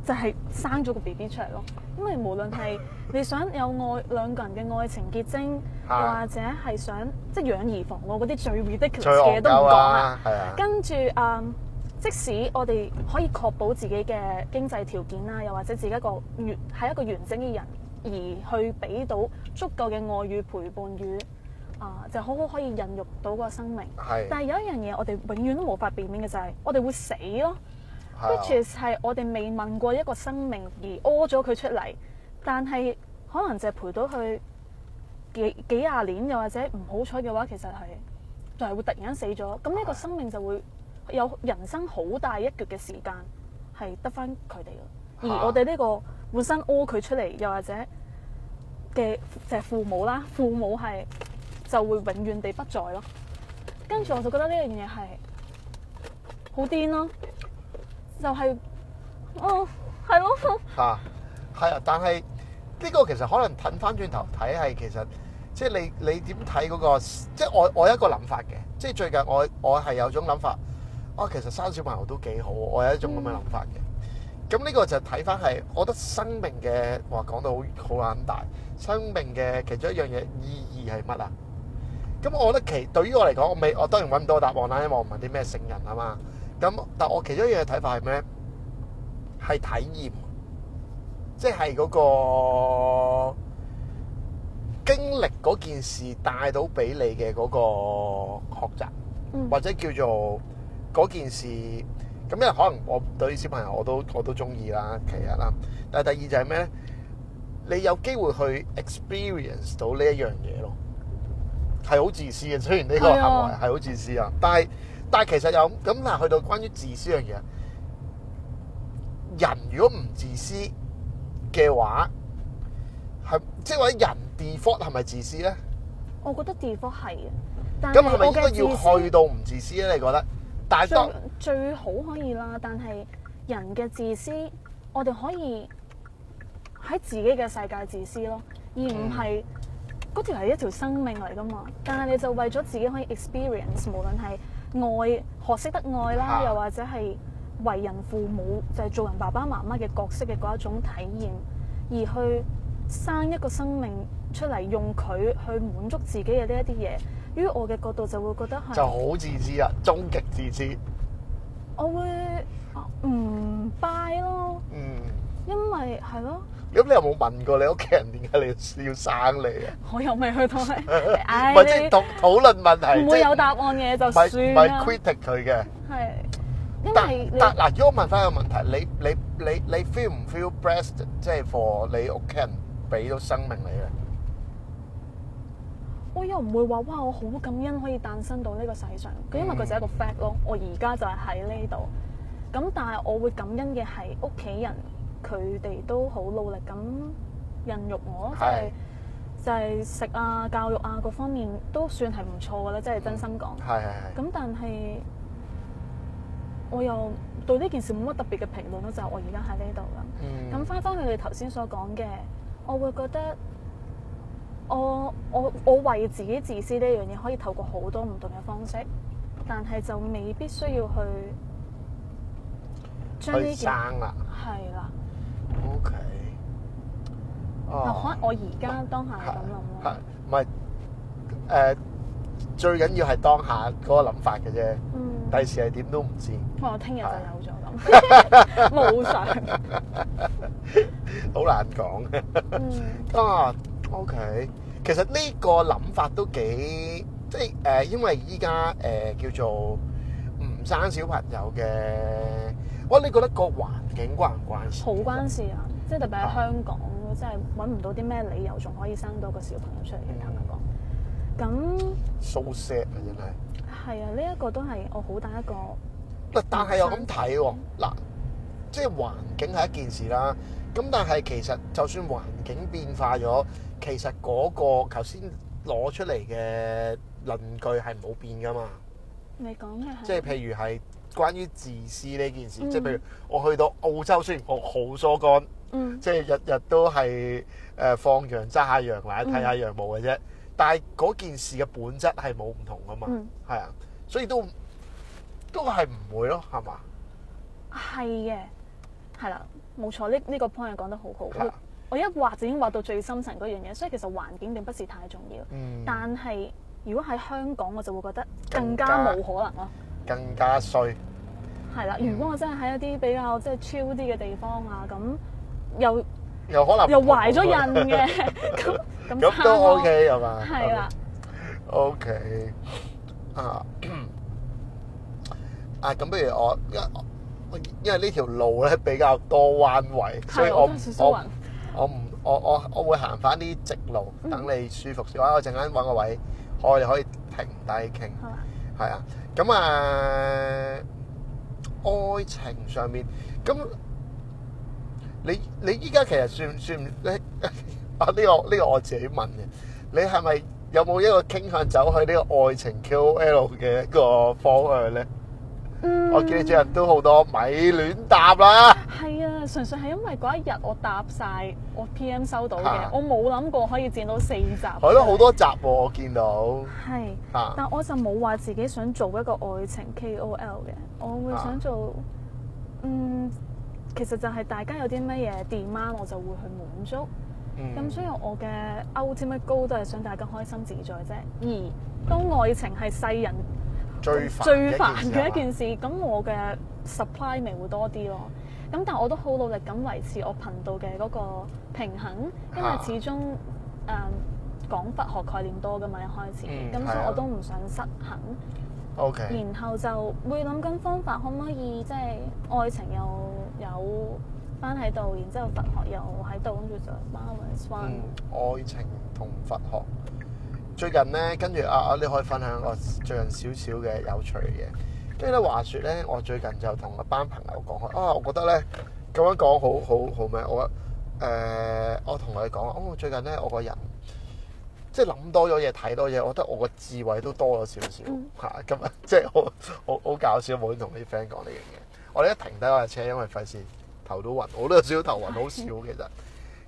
就係生咗個 B B 出嚟咯，因為無論係你想有愛 <laughs> 兩個人嘅愛情結晶，又、啊、或者係想即、即係、養兒防老嗰啲最 ultimate 嘅嘢都唔講啦。啊啊、跟住誒、嗯，即使我哋可以確保自己嘅經濟條件啦，又或者自己一個完係一個完整嘅人，而去俾到足夠嘅愛與陪伴與啊、呃，就好好可以孕育到個生命。是但係有一樣嘢，我哋永遠都無法避免嘅就係、是、我哋會死咯。future Yes .係我哋未問過一個生命而屙咗佢出嚟，但係可能就係陪到佢幾幾廿年，又或者唔好彩嘅話，其實係就係會突然間死咗。咁呢 Yes. 個生命就會有人生好大一橛嘅時間係得翻佢哋咯。Yes. 而我哋呢個本身屙佢出嚟，又或者嘅就係父母啦，父母係就會永遠地不在咯。跟住我就覺得呢樣嘢係好癲咯～就係、是。哦，係咯。吓，係啊。但係呢、這個其實可能褪翻轉頭睇，係其實即係你你點睇嗰個，即係我我有一個諗法嘅，即係最近我我係有種諗法，哦、啊，其實生小朋友都幾好，我有一種咁嘅諗法嘅，咁呢、嗯、個就睇翻係，我覺得生命嘅話講到好好很，很大，生命嘅其中一樣嘢意義係乜啊？咁我覺得其對於我嚟講，我未我當然搵唔到答案啦，因為我唔係啲咩聖人啊嘛。咁，但我其中一樣嘅睇法係咩咧？係體驗，即係嗰個經歷嗰件事帶到俾你嘅嗰個學習，嗯、或者叫做嗰件事。咁因為可能我對小朋友我都我都中意啦，其實啦。但係第二就係咩？你有機會去 experience 到呢一樣嘢咯，係好自私嘅。雖然呢個行為係好自私啊，但係。但係，其實又咁嗱，去到關於自私樣嘢，人如果唔自私嘅話，係即係話人 default 係咪自私咧？我覺得 default 係嘅。但咁係咪應該要去到唔自私咧？你覺得？但係最當最好可以啦。但係人嘅自私，我哋可以喺自己嘅世界自私咯，而唔係嗰條係一條生命嚟㗎嘛。但係你就為咗自己可以 experience，無論係。愛學識得愛啦，又或者係為人父母就係做人爸爸媽媽嘅角色嘅嗰一種體驗，而去生一個生命出嚟，用佢去滿足自己嘅呢一啲嘢。於我嘅角度就會覺得係就好自私啊，終極自私。我會唔拜咯，因為係咯。咁你有冇問過你屋企人點解你要生你啊？我又未去到你。咪即係討討論問題，唔會有答案嘅，就算啦。咪咪 critic 佢嘅。係。但但嗱，如果問翻個問題，你你你你，你 feel 唔 feel blessed？即係 for 你屋企人俾到生命你嘅？我又唔會話，哇！我好感恩可以誕生到呢個世上。佢因為佢就係一個 fact 咯。我而家就係喺呢度。咁但係我會感恩嘅係屋企人。佢哋都好努力，咁孕育我，即係的就係食啊、教育啊各方面都算係唔錯噶啦，即係、嗯、真心講。係係係。咁但係我又對呢件事冇乜特別嘅評論咯，就係、是、我而家喺呢度啦。嗯。咁，返返去你頭先所講嘅，我會覺得我我我為自己自私呢樣嘢，可以透過好多唔同嘅方式，但係就未必需要去將呢件事生啦。係啦。O K，哦，可能 Okay .、oh, 我而家當下咁諗咯，係，唔係，誒，最緊要係當下嗰個諗法嘅啫，第時係點都唔知。我聽日就有咗諗，冇想，好難講。啊，O K，其實呢個諗法都幾，即係誒、呃，因為依家誒叫做唔生小朋友嘅。喂，你覺得個環境關唔關事？好關事啊！即係特別喺香港，真係揾唔到啲咩理由，仲可以生到個小朋友出嚟嘅，坦白講。咁 social 嘅嘢係係啊，呢、這、一個都係我好大一個。但係又咁睇喎，嗱、嗯，即係環境係一件事啦。咁但係其實就算環境變化咗，其實嗰個頭先攞出嚟嘅論據係冇變噶嘛。你講嘅係即係譬如係。關於自私呢件事，即係譬如我去到澳洲，雖然我好疏乾，嗯、即係日日都係誒放羊、揸下羊奶、睇下羊毛嘅啫，嗯、但係嗰件事嘅本質係冇唔同噶嘛，係啊、嗯，所以都都係唔會咯，係嘛？係嘅，係啦，冇錯，呢、呢、呢、個呢個 point 係講得好好。我、啊、我一畫就已經畫到最深層嗰樣嘢，所以其實環境並不是太重要。嗯、但係如果喺香港，我就會覺得更加冇可能咯。更加衰，係啦、嗯。如果我真係喺一啲比較即係 chill 啲嘅地方啊，咁又又可能又懷咗孕嘅，咁咁都 OK 啊嘛，係啦 OK 啊啊咁，不如我因因為呢條路咧比較多彎位，了所以我我唔我我我，我，我，我會行翻啲直路，等你舒服啲。嗯、我我陣間揾個位我哋可以停低傾。係啊，咁啊愛情上面，咁你你依家其實算唔算，呢啊呢、呢個呢、呢個我自己問嘅，你係咪有冇一個傾向走去呢個愛情 KOL 嘅一個方向咧？嗯、我見咗人都好多米亂答啦，係啊，純粹係因為嗰一日我答晒我 P M 收到嘅，啊、我冇諗過可以佔到四集。係咯、嗯，好是多集我見到。係是，啊、但我就冇話自己想做一個愛情 K O L 嘅，我會想做，啊、嗯，其實就係大家有啲乜嘢 demand 我就會去滿足。咁、嗯，所以我嘅 ultimate goal 都係想大家開心自在啫。而當愛情係世人。最煩嘅一件事，咁、啊、我嘅 supply 咪會多啲咯。咁、嗯、但我都好努力咁維持我頻道嘅嗰個平衡，因為始終誒講佛學概念多噶嘛，一開始，咁、嗯嗯、所以我都唔想失衡。OK，然後就會諗緊方法，可唔可以即係、就是、愛情又有翻喺度，然之後佛學又喺度，跟住就 balance 翻愛情同佛學。最近咧，跟住啊啊，你可以分享我最近少少嘅有趣嘅嘢。跟住咧，話説咧，我最近就同一班朋友講啊，我覺得咧咁樣講好好好咩？我誒、呃，我同佢哋講啊，最近咧，我個人即係諗多咗嘢，睇多嘢，我覺得我個智慧都多咗少少吓。今日即係我好好搞笑，冇點同啲 friend 講呢樣嘢。我哋一停低架車，因為費事頭都暈，我都有少少頭暈，好少其實。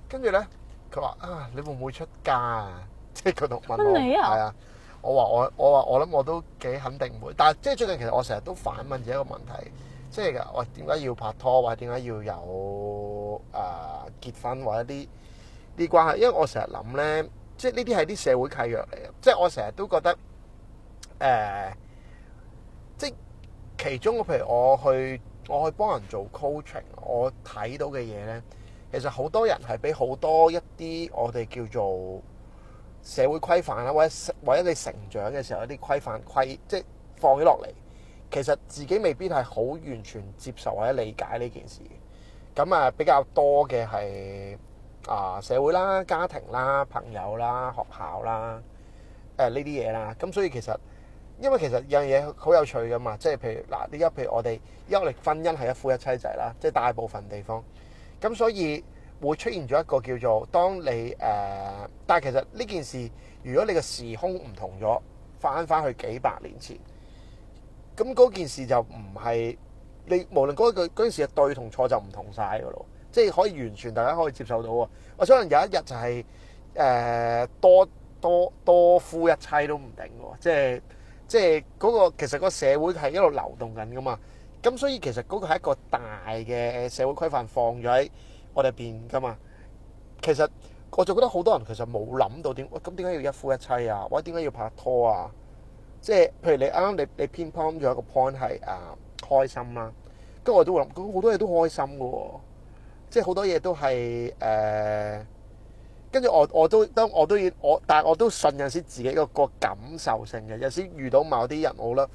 跟住咧，佢話啊，你會唔會出家啊？即係佢同問我係啊，我話我我話我諗我都幾肯定唔會，但係即係最近其實我成日都反問住一個問題，即係我點解要拍拖？或者點解要有誒、呃、結婚，或者啲啲關係？因為我成日諗咧，即係呢啲係啲社會契約嚟嘅，即係我成日都覺得誒、呃，即係其中譬如我去我去幫人做 coaching，我睇到嘅嘢咧，其實好多人係俾好多一啲我哋叫做。社會規範啦，或者為咗你成長嘅時候一啲規範規，即係放咗落嚟，其實自己未必係好完全接受或者理解呢件事。咁啊，比較多嘅係啊社會啦、家庭啦、朋友啦、學校啦，誒呢啲嘢啦。咁所以其實，因為其實一樣嘢好有趣噶嘛，即係譬如嗱，依家譬如我哋因為我哋婚姻係一夫一妻制啦，即係大部分地方，咁所以。會出現咗一個叫做當你誒、呃，但係其實呢件事，如果你個時空唔同咗，翻翻去幾百年前，咁嗰件事就唔係你無論嗰一句嗰陣時嘅對同錯就唔同晒噶咯。即係可以完全大家可以接受到喎。我相信有一日就係、是、誒、呃、多多多夫一妻都唔定喎。即係即係、那、嗰個其實個社會係一路流動緊噶嘛。咁所以其實嗰個係一個大嘅社會規範放咗喺。我哋變噶嘛？其實我就覺得好多人其實冇諗到點喂，咁點解要一夫一妻啊？或者點解要拍拖啊？即係譬如你啱啱你你偏咗一個 point 係啊開心啦、啊，跟住我都會諗，咁好多嘢都開心噶、哦，即係好多嘢都係誒。跟、啊、住我我都我都我都要我，但係我都信任先自己、嗰個感受性嘅有時遇到某啲人我咧。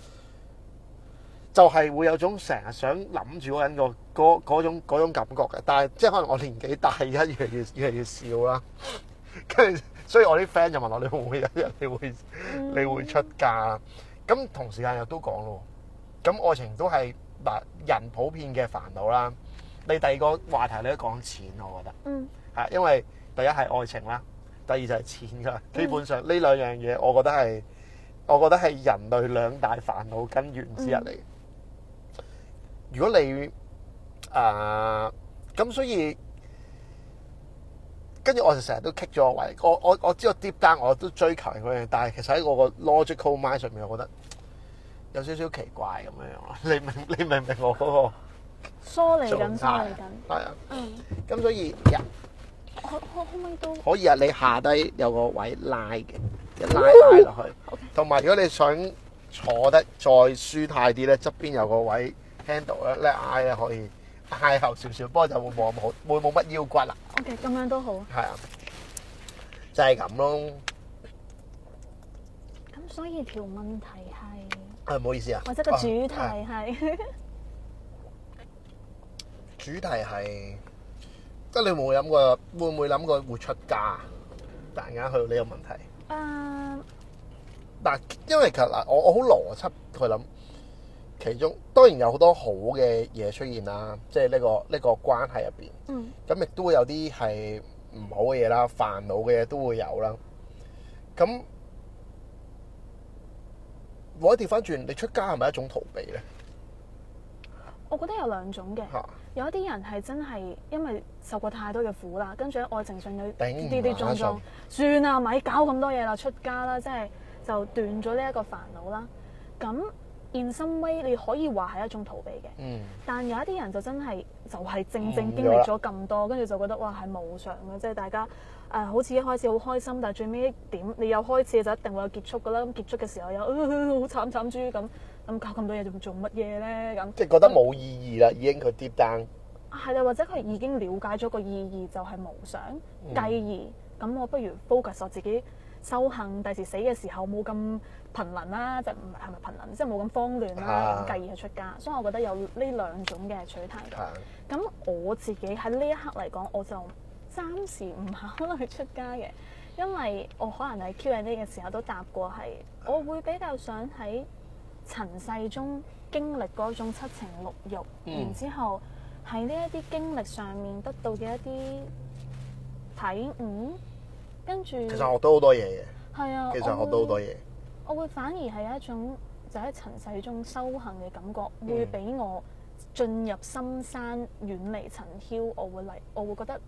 就係會有種成日想諗住嗰個人個嗰嗰種嗰種感覺嘅，但係即係可能我年紀大而家，越嚟越越嚟越少啦。跟住，所以我啲 friend 就問我：你會唔會有日你會、嗯、你會出嫁？咁同時間又都講咯。咁愛情都係嗱人普遍嘅煩惱啦。你第二個話題你都講錢，我覺得，嗯，係因為第一係愛情啦，第二就係錢㗎。基本上呢兩樣嘢，我覺得係、嗯、我覺得係人類兩大煩惱根源之一嚟。嗯如果你誒咁，呃、所以跟住我就成日都棘咗個位。我我我知道我 deep down，我都追求佢。但係其實喺我個 logical mind 上面，我覺得有少少奇怪咁樣樣。你明你明唔明我嗰個梳理緊梳理緊係啊？嗯。咁所以可可以啊？你下低有個位拉嘅，一拉落去。同埋 Woo! Okay.，如果你想坐得再舒泰啲咧，側邊有個位。聽到咧，叻嗌咧可以，嗌後少少，不過就會望好，會冇乜腰骨啦。OK，咁樣都好。係啊，就係咁咯。咁所以條問題係，啊唔好意思啊，或者個主題係主題係，即係你會唔會諗過？會唔會諗過會出家？突然間去到呢個問題。啊！嗱，因為其實我我好邏輯去諗。其中當然有好多好嘅嘢出現啦，即係呢、呢個呢、呢個關係入邊，咁亦都會有啲係唔好嘅嘢啦，煩惱嘅嘢都會有啦。咁，如果調翻轉，你出家係咪一種逃避咧？我覺得有兩種嘅，啊、有一啲人係真係因為受過太多嘅苦啦，跟住喺愛情上嘅跌跌撞撞，算啦，咪搞咁多嘢啦，出家啦，即係就斷咗呢一個煩惱啦。咁。In some way, 你可以話係一種逃避嘅。嗯、但有一啲人就真係就係、是、正正經歷咗咁多，跟住、嗯、就覺得哇係無常嘅，即係大家誒、呃、好似一開始好開心，但係最尾一點你有開始就一定會有結束㗎啦。咁結束嘅時候又好、呃、慘慘豬咁，咁搞咁多嘢仲做乜嘢咧？咁即係覺得冇意義啦，嗯、已經佢 deep down。係啊，或者佢已經了解咗個意義就係、是、無常，繼而咁、嗯、我不如 focus 我自己。修行第時死嘅時候冇咁頻能啦，就係唔係咪頻能，即係冇咁慌亂啦，咁 Yeah. 繼而去出家。所以我覺得有呢兩種嘅取態。咁 Yeah. 我自己喺呢一刻嚟講，我就暫時唔考慮出家嘅，因為我可能喺 Q&A 嘅時候都答過係，Yeah. 我會比較想喺塵世中經歷嗰種七情六欲，Yeah. 然後之後喺呢一啲經歷上面得到嘅一啲體悟。跟住，其實學到好多嘢嘅，係啊的，其實學到好多嘢。我會，我會反而係一種就喺、是、塵世中修行嘅感覺，嗯、會俾我進入深山遠離塵囂。我會嚟，我會覺得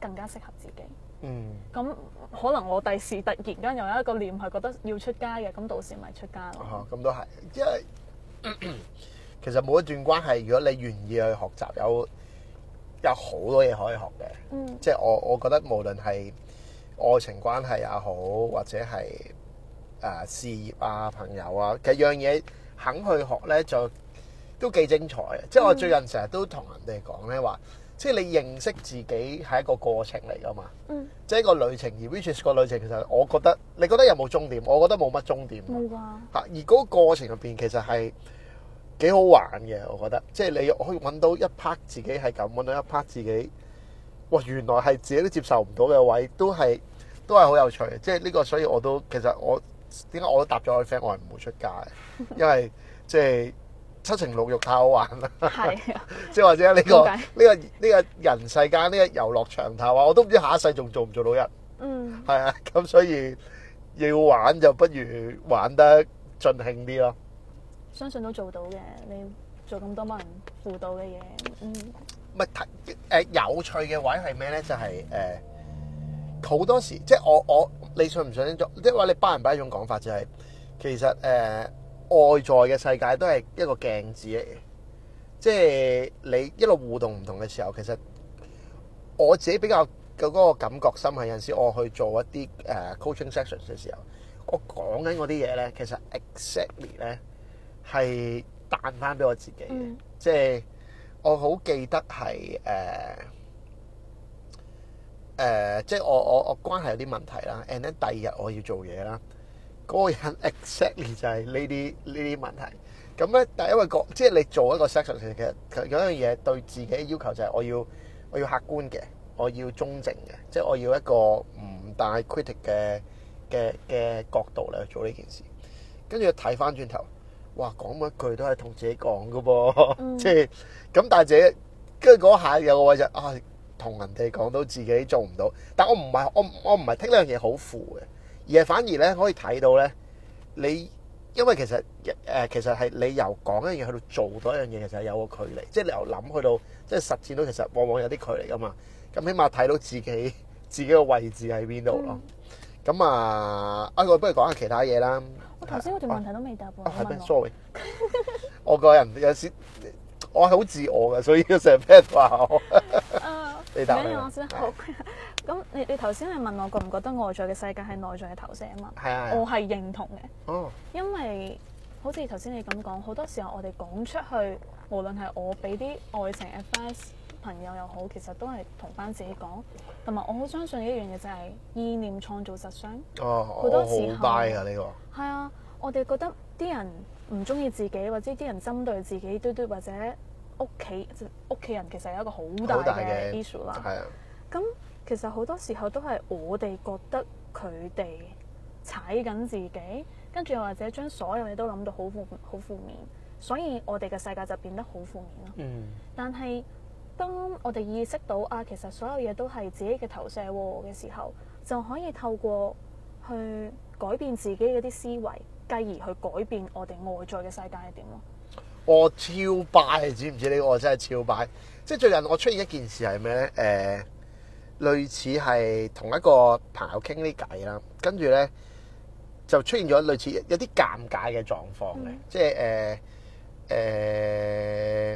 更加適合自己。嗯，咁可能我第時突然間又有一個念係覺得要出家嘅，咁到時咪出家咯。哦，咁都係，因為 <coughs> 其實每一段關係，如果你願意去學習，有有好多嘢可以學嘅。嗯、即係我我覺得無論係。愛情關係也好，或者係誒、呃、事業啊、朋友啊，其實樣嘢肯去學咧，就都幾精彩嘅。嗯、即係我最近成日都同人哋講咧話，即係你認識自己係一個過程嚟噶嘛，嗯、即係一個旅程。而 which is 個旅程，其實我覺得你覺得有冇終點？我覺得冇乜終點。冇啊的！嚇，而嗰個過程入邊其實係幾好玩嘅，我覺得。即係你可以揾到一 part 自己係咁，揾到一 part 自己，哇！原來係自己都接受唔到嘅位，都係～都係好有趣嘅，即係呢個，所以我都其實我點解我都答咗我 friend，我係唔會出街，因為即係七情六欲太好玩啦。係即係或者呢個呢個呢個人世間呢個遊樂場頭啊，我都唔知下一世仲做唔做到人。嗯。係啊，咁所以要玩就不如玩得盡興啲咯。相信都做到嘅，你做咁多乜人輔導嘅嘢，嗯。唔係睇誒有趣嘅位係咩咧？就係，誒。呃好多時，即係我我，你信唔信？即係話你包唔包一種講法、就是，就係其實誒、呃、外在嘅世界都係一個鏡子嚟嘅，即係你一路互動唔同嘅時候，其實我自己比較有嗰個感覺心係有陣時，我去做一啲誒、呃、coaching sessions 嘅時候，我講緊嗰啲嘢咧，其實 exactly 咧係彈翻俾我自己嘅，嗯、即係我好記得係誒。呃誒、呃，即係我我我關係有啲問題啦，and 咧第二日我要做嘢啦，嗰、嗰個人 exactly 就係呢啲呢啲問題。咁咧，但係因為個即係你做一個 section，其實其實有樣嘢對自己要求就係我要我要客觀嘅，我要中正嘅，即係我要一個唔帶 critic 嘅嘅嘅角度嚟去做呢件事。跟住睇翻轉頭，哇，講乜句都係同自己講噶噃，即係咁。 <laughs> 但係自己跟住嗰下有個位就啊～同人哋講到自己做唔到，但我唔係我我唔係聽呢樣嘢好負嘅，而係反而咧可以睇到咧你，因為其實誒、呃、其實係你由講一樣嘢去到做多一樣嘢，其實係有個距離，即係你由諗去到即係實踐到，其實往往有啲距離噶嘛。咁起碼睇到自己自己個位置喺邊度咯。咁、嗯、啊，啊，我不如講下其他嘢啦。我頭先我條問題都未答 sorry， <laughs> 我個人有時我係好自我嘅，所以成日 p 話我。 <laughs> <laughs> 咁樣嘅我真好。咁、哎、呀你你頭先係問我覺唔覺得外在嘅世界係內在嘅投射啊嘛？係啊、哎呀。我係認同嘅。哦。因為好似頭先你咁講，好多時候我哋講出去，無論係我俾啲愛情 advice 朋友又好，其實都係同翻自己講。同埋我好相信一樣嘢就係意念創造實相。哦，好多時候，哦啊呢個。係啊，我哋覺得啲人唔中意自己，或者啲人針對自己，嘟嘟或者。屋企，屋企人其實有一個好大嘅 issue 啦。咁其實好多時候都係我哋覺得佢哋踩緊自己，跟住又或者將所有嘢都諗到好負好負面，所以我哋嘅世界就變得好負面咯。嗯。但係當我哋意識到啊，其實所有嘢都係自己嘅投射嘅時候，就可以透過去改變自己嗰啲思維，繼而去改變我哋外在嘅世界係點咯。我超拜，你知唔知你我真係超拜。即係最近我出現一件事係咩咧？誒、呃，類似係同一個朋友傾啲偈啦，跟住咧就出現咗類似有啲尷尬嘅狀況嘅。嗯、即係誒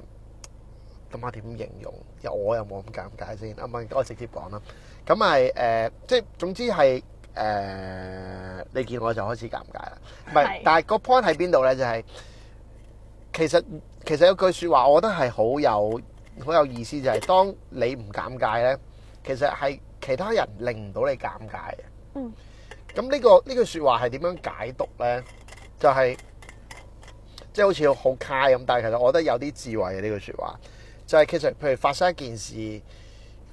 誒，等下點形容？又我又冇咁尷尬先，啱啱？我直接講啦。咁咪誒，即係總之係誒、呃，你見我就開始尷尬啦。唔係是，但係個 point 喺邊度咧？就係、是。其實其實有句說話，我覺得係好有好有意思，就係當你唔尷尬咧，其實係其他人令唔到你尷尬嘅。嗯。咁呢、這個呢句、這個、說話係點樣解讀咧？就係即係好似好卡咁，但係其實我覺得有啲智慧嘅呢句說話，就係、是、其實譬如發生一件事，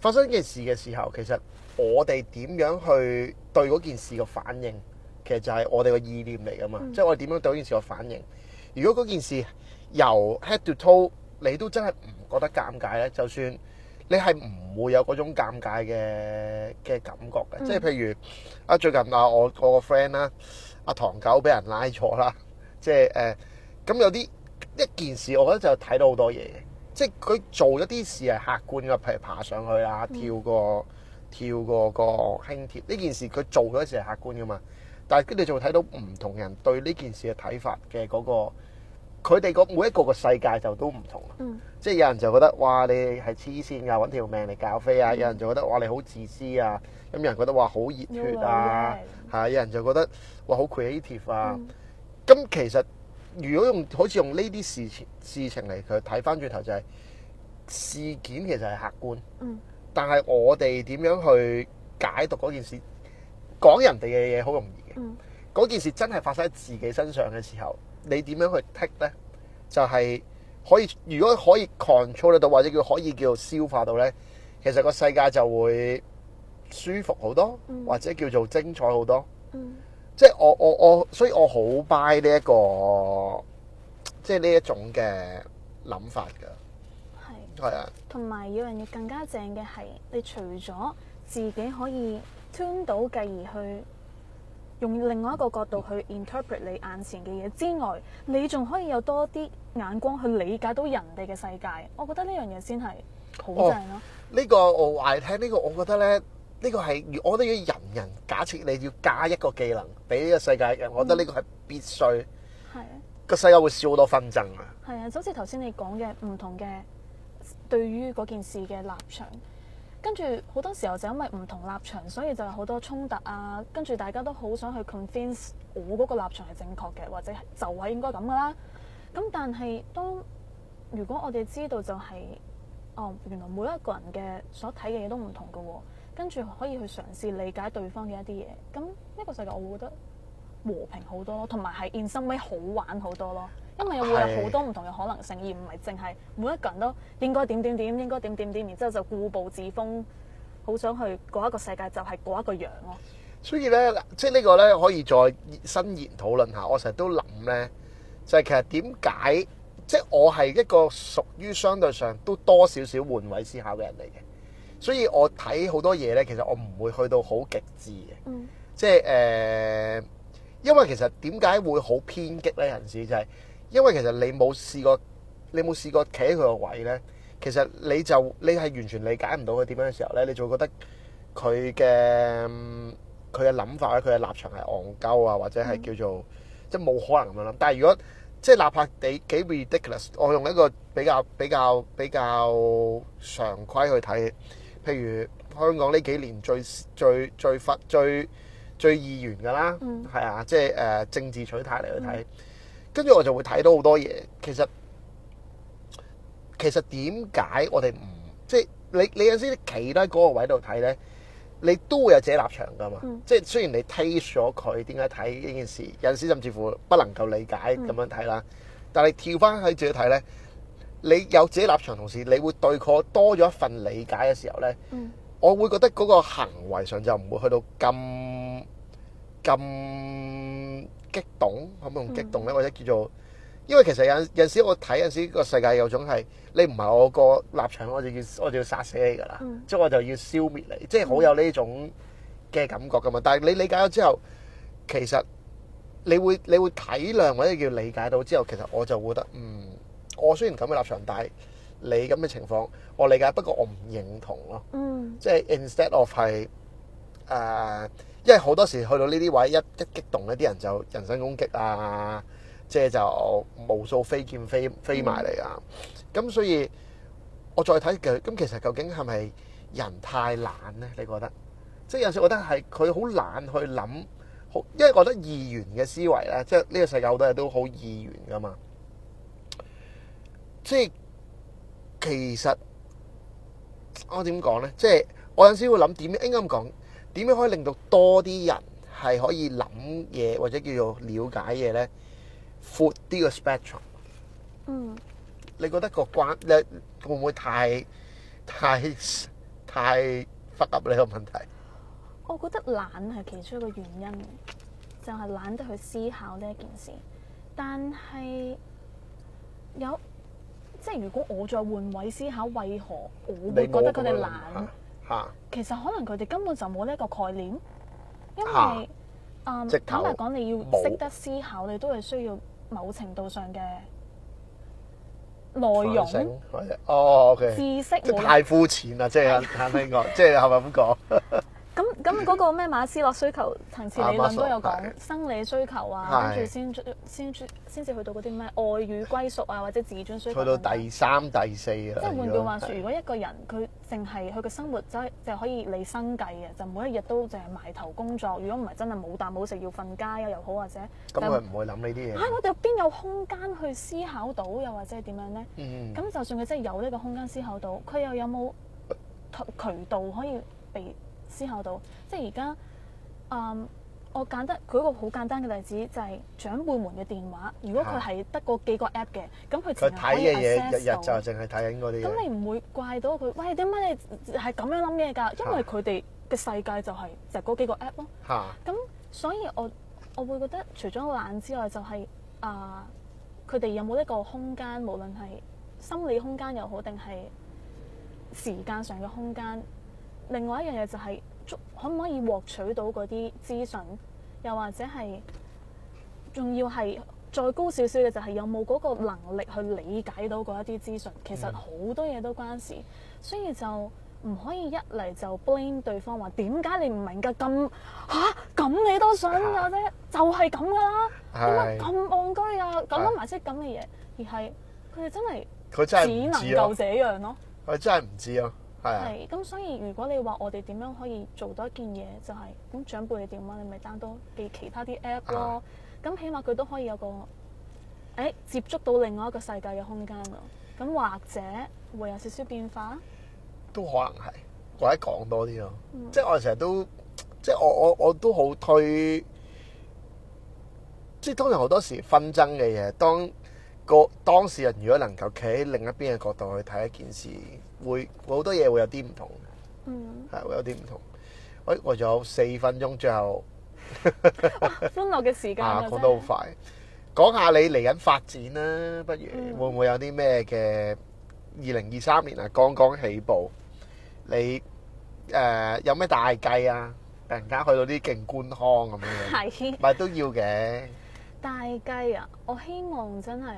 發生一件事嘅時候，其實我哋點樣去對嗰件事嘅反應，其實就係我哋個意念嚟噶嘛，即係、嗯、我哋點樣對嗰件事個反應。如果嗰件事由 head to toe，你都真係唔覺得尷尬咧。就算你係唔會有嗰種尷尬嘅嘅感覺嘅，嗯、即係譬如啊，最近啊，我我個 friend 啦，阿唐九俾人拉錯啦，即係誒，咁、呃、有啲一件事，我覺得就睇到好多嘢嘅。即係佢做咗啲事係客觀嘅，譬如爬上去啦，跳過跳過個輕鐵呢件事，佢做嗰時係客觀噶嘛。但係你就睇到唔同人對呢件事嘅睇法嘅嗰、嗰個。佢哋個每一個個世界就都唔同，嗯、即係有人就覺得哇，你係黐線㗎，搵條命嚟搞飛啊！有人就覺得哇，你好自私啊！有人覺得哇，好熱血啊，係，有人就覺得哇，好 creative 啊！咁其實如果用好似用呢啲事事情嚟，去睇翻轉頭就係、是、事件其實係客觀，嗯、但係我哋點樣去解讀嗰件事，講人哋嘅嘢好容易嘅，嗰、嗯、件事真係發生喺自己身上嘅時候。你點樣去剔咧？就係、是、可以，如果可以 control 得到，或者叫可以叫做消化到咧，其實個世界就會舒服好多，嗯、或者叫做精彩好多。嗯、即係我我我，所以我好 buy 呢、這、一個，即係呢一種嘅諗法㗎。係是，係啊。同埋有要人要更加正嘅係，你除咗自己可以 tune 到，繼而去。用另外一個角度去 interpret 你眼前嘅嘢之外，你仲可以有多啲眼光去理解到人哋嘅世界。我覺得呢樣嘢先係好正咯。呢、哦呢個我話嚟聽，呢、哦、個我覺得咧，呢、呢個係我覺得要人人假設你要加一個技能俾呢個世界嘅，我覺得呢個係必須。係、嗯。個世界會少好多紛爭啊。係啊，就好似頭先你講嘅唔同嘅對於嗰件事嘅立場。跟住好多時候就因為唔同立場，所以就有好多衝突啊！跟住大家都好想去 convince 我嗰個立場係正確嘅，或者就位應該咁噶啦。咁但係當如果我哋知道就係、是、哦，原來每一個人嘅所睇嘅嘢都唔同嘅喎、啊，跟住可以去嘗試理解對方嘅一啲嘢。咁呢個世界我會覺得和平好多咯，同埋係人生咪好玩好多咯。因為有會有好多唔同嘅可能性，的而唔係淨係每一個人都應該點點點，應該點點點，然之後就固步自封，好想去過一個世界就係、是、過一個樣咯。所以咧，即係呢個咧可以再伸延討論下。我成日都諗咧，就係、是、其實點解即係我係一個屬於相對上都多少少換位思考嘅人嚟嘅。所以我睇好多嘢咧，其實我唔會去到好極致嘅，嗯、即係誒。呃因為其實點解會好偏激呢？人士就係因為其實你冇試過，你冇試過企喺佢個位咧，其實你就你係完全理解唔到佢點樣嘅時候咧，你就會覺得佢嘅佢嘅諗法咧，佢嘅立場係戇鳩啊，或者係叫做、嗯、即係冇可能咁樣諗。但係如果即係哪怕幾幾 ridiculous，我用一個比較比較比較常規去睇，譬如香港呢幾年最最最發最。最最最最易言噶啦，係啊、嗯，即係誒政治取態嚟去睇，跟住、嗯、我就會睇到好多嘢。其實其實點解我哋唔即係你你有陣時企喺嗰個位度睇咧，你都會有自己立場噶嘛。嗯、即係雖然你睇咗佢點解睇呢件事，有陣時甚至乎不能夠理解咁樣睇啦。嗯、但係跳翻去自己睇咧，你有自己立場同時，你會對佢多咗一份理解嘅時候咧，嗯、我會覺得嗰個行為上就唔會去到咁。咁激動，咁唔用激動咧？或者叫做，因為其實有陣時我睇陣時個世界有種係，你唔係我個立場，我就要我就要殺死你噶啦，即係、嗯、我就要消滅你，即係好有呢種嘅感覺噶嘛。但係你理解咗之後，其實你會你會體諒或者叫理解到之後，其實我就會覺得，嗯，我雖然咁嘅立場，但係你咁嘅情況我理解，不過我唔認同咯。即係、嗯、instead of 係誒。即係好多時去到呢啲位，一一激動咧，啲人就人身攻擊啊！即係就無數飛劍飛飛埋嚟啊！咁、嗯、所以，我再睇嘅，咁其實究竟係咪人太懶呢？你覺得？即係有時覺得係佢好懶去諗，好因為覺得二元嘅思維咧，即係呢個世界好多嘢都好二元噶嘛。即係其實我點講呢？即係我有時會諗點應該咁講。點樣可以令到多啲人係可以諗嘢或者叫做了解嘢咧？闊啲個 spectrum。嗯。你覺得個關你會唔會太太太複雜呢個問題？我覺得懶係其中一個原因，就係、是、懶得去思考呢一件事。但係有即係如果我再換位思考，為何我會覺得佢哋懶？啊、其實可能佢哋根本就冇呢一個概念，因為啊坦白講，你要識得思考，有你都係需要某程度上嘅內容哦。O、okay、K，知識太膚淺啦， <laughs> 即係聽聽呢個，即係係咪咁講？ <laughs> 咁咁嗰個咩馬斯洛需求層次理論都有講生理需求啊，跟住先先先至去到嗰啲咩愛與歸屬啊，或者自尊需求啊。去到第三、第四啊。即係換句話説，的如果一個人佢淨係佢嘅生活就係可以理生計嘅，就每一日都淨係埋頭工作。如果唔係真係冇啖好食要瞓街啊，又好或者咁佢唔會諗呢啲嘢。我哋邊有空間去思考到，又或者係點樣呢？咁、嗯、就算佢真係有呢個空間思考到，佢又有冇渠渠道可以被？思考到，即係而家，嗯，我簡得佢一個好簡單嘅例子，就係、是、長輩們嘅電話。如果佢係得嗰幾個 app 嘅，咁佢佢睇嘅嘢，日日就淨係睇緊嗰啲。咁你唔會怪到佢，喂，點解你係咁樣諗嘢噶？因為佢哋嘅世界就係就嗰幾個 app 咯吓、啊。咁所以我我會覺得，除咗懶之外，就係、是、啊，佢哋有冇一個空間，無論係心理空間又好，定係時間上嘅空間？另外一樣嘢就係，可唔可以獲取到嗰啲資訊？又或者係，仲要係再高少少嘅就係有冇嗰個能力去理解到嗰一啲資訊？其實好多嘢都關事，所以就唔可以一嚟就 blame 對方話點解你唔明㗎？咁嚇咁你都想㗎啫，就係咁㗎啦，點解咁戇居啊，咁乜埋識咁嘅嘢？而係佢哋真係佢真係只能夠這樣咯，佢真係唔知啊。係，咁的、嗯、所以如果你話我哋點樣可以做多一件嘢，就是，就係咁長輩你點啊？你咪 download 多其他啲 app 咯，咁、嗯、起碼佢都可以有個，誒、欸，接觸到另外一個世界嘅空間咯。咁或者會有少少變化，都可能係，或者講多啲咯。嗯、即係我成日都，即係我我我都好推，即係當然好多時紛爭嘅嘢，當個當事人如果能夠企喺另一邊嘅角度去睇一件事。會好多嘢會有啲唔同，係會有啲唔同。喂，我仲有四分鐘，最後歡樂嘅時間，講得好快。講下你嚟緊發展啦，不如會唔會有啲咩嘅？二零二三年啊，剛剛起步，你誒有咩大計啊？突然間去到啲勁官腔咁樣，係咪都要嘅？大計啊！我希望真係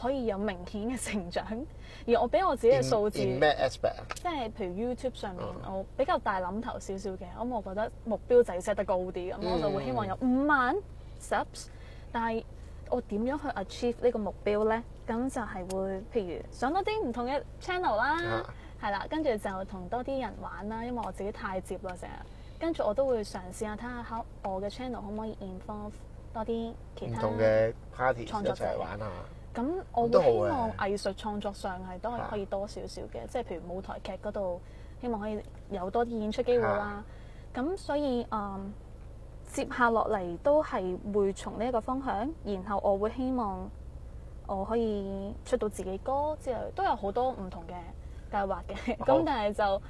可以有明顯嘅成長。而我俾我自己嘅數字，即係譬如 YouTube 上面，我比較大諗頭少少嘅，咁、嗯、我覺得目標就要 set 得高啲，咁、嗯、我就會希望有五萬 subs。但係我點樣去 achieve 呢個目標咧？咁就係會譬如上多啲唔同嘅 channel 啦，係啦、啊，跟住就同多啲人玩啦，因為我自己太接啦成日。跟住我都會嘗試下睇下可我嘅 channel 可唔可以 involve 多啲其他嘅 party 一齊玩下。咁我會希望藝術創作上係都係可以多少少嘅，即係、啊、譬如舞台劇嗰度，希望可以有多啲演出機會啦。咁、啊、所以誒、嗯，接下落嚟都係會從呢一個方向，然後我會希望我可以出到自己歌之類，都有好多唔同嘅計劃嘅。咁但係就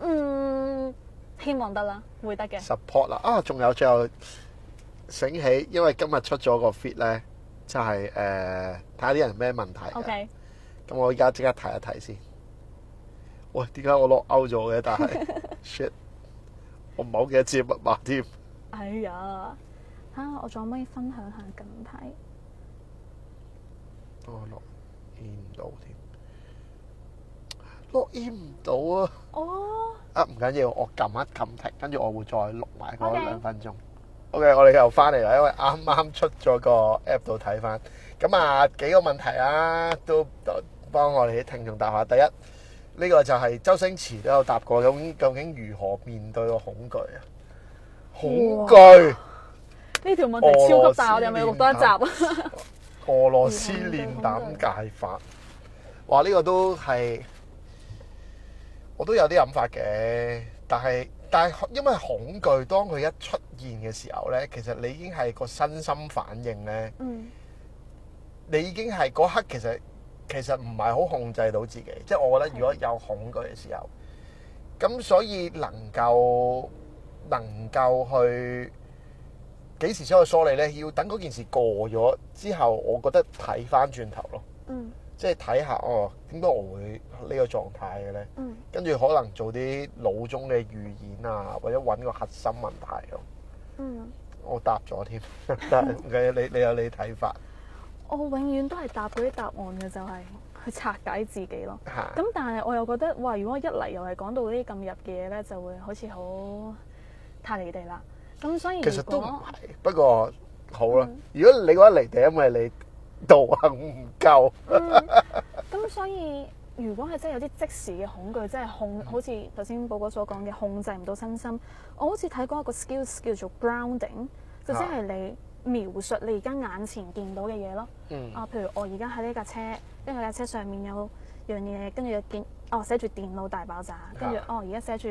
嗯，希望得啦，會得嘅。Support 啦啊，仲有最後醒起，因為今日出咗個 fit 咧。就係、是、誒，睇下啲人咩問題。咁 Okay. 我依家即刻提一提先。喂，點解我落勾咗嘅？但係 <laughs> ，shit，我唔係好記得密碼添。哎呀，嚇！我仲可以分享下近睇、哎，我落，見唔到添。錄唔到啊！哦。Oh. 啊，唔緊要，我撳一撳停，跟住我會再錄埋嗰 Okay. 兩分鐘。O.K. 我哋又翻嚟啦，因為啱啱出咗個 App 度睇翻，咁啊幾個問題啊，都幫我哋啲聽眾答下。第一，呢個就係周星馳都有答過，究竟究竟如何面對個恐懼啊？恐懼呢條問題超級大，我哋有冇錄多一集啊？俄羅斯練膽解法，話呢個都係我都有啲諗法嘅，但係。但係因為恐懼，當佢一出現嘅時候咧，其實你已經係個身心反應咧。嗯。你已經係嗰刻其實其實唔係好控制到自己，即係我覺得如果有恐懼嘅時候，咁、嗯、所以能夠能夠去幾時先去梳理咧？要等嗰件事過咗之後，我覺得睇翻轉頭咯。嗯。即係睇下哦，點解我會呢個狀態嘅咧？跟住、嗯、可能做啲腦中嘅預演啊，或者揾個核心問題咁、啊。嗯，我答咗添，但係 <laughs> 你你你有你睇法。我永遠都係答嗰啲答案嘅，就係、是、去拆解自己咯。咁的但係我又覺得，哇！如果一嚟又係講到呢啲咁入嘅嘢咧，就會好似好太離地啦。咁所以其實都唔係，不過好啦。嗯、如果你覺得離地，因為你。道行唔夠、嗯，咁所以如果係真係有啲即時嘅恐懼，即係控好似頭先寶哥所講嘅控制唔到身心，我好似睇過一個 skills 叫做 grounding，就即係你描述你而家眼前見到嘅嘢咯。嗯、啊，譬如我而家喺呢架車，跟住架車上面有樣嘢，跟住又見哦寫住電腦大爆炸，跟住哦而家寫住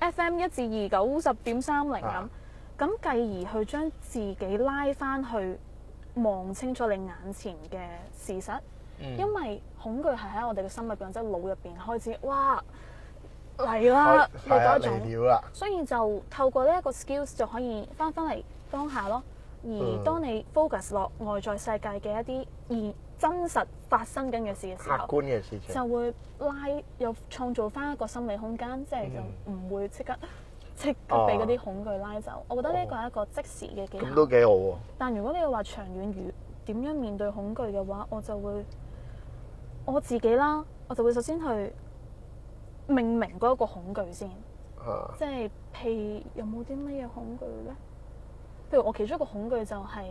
FM 一至二九十點三零咁，咁、啊啊、繼而去將自己拉翻去。望清楚你眼前嘅事實，嗯、因為恐懼係喺我哋嘅心入邊，嗯、即係腦入邊開始，哇嚟啦呢一種，啊、所以就透過呢一個 skills 就可以翻返嚟當下咯。嗯、而當你 focus 落外在世界嘅一啲而真實發生緊嘅事嘅時候，客觀嘅事情就會拉又創造翻一個心理空間，即係、嗯、就唔會即刻。即刻俾嗰啲恐懼拉走，啊、我覺得呢一個係一個即時嘅技巧。都幾好喎、啊！但如果你要話長遠如點樣面對恐懼嘅話，我就會我自己啦，我就會首先去命名嗰一個恐懼先。啊、即係譬如有冇啲乜嘢恐懼咧？譬如我其中一個恐懼就係、係、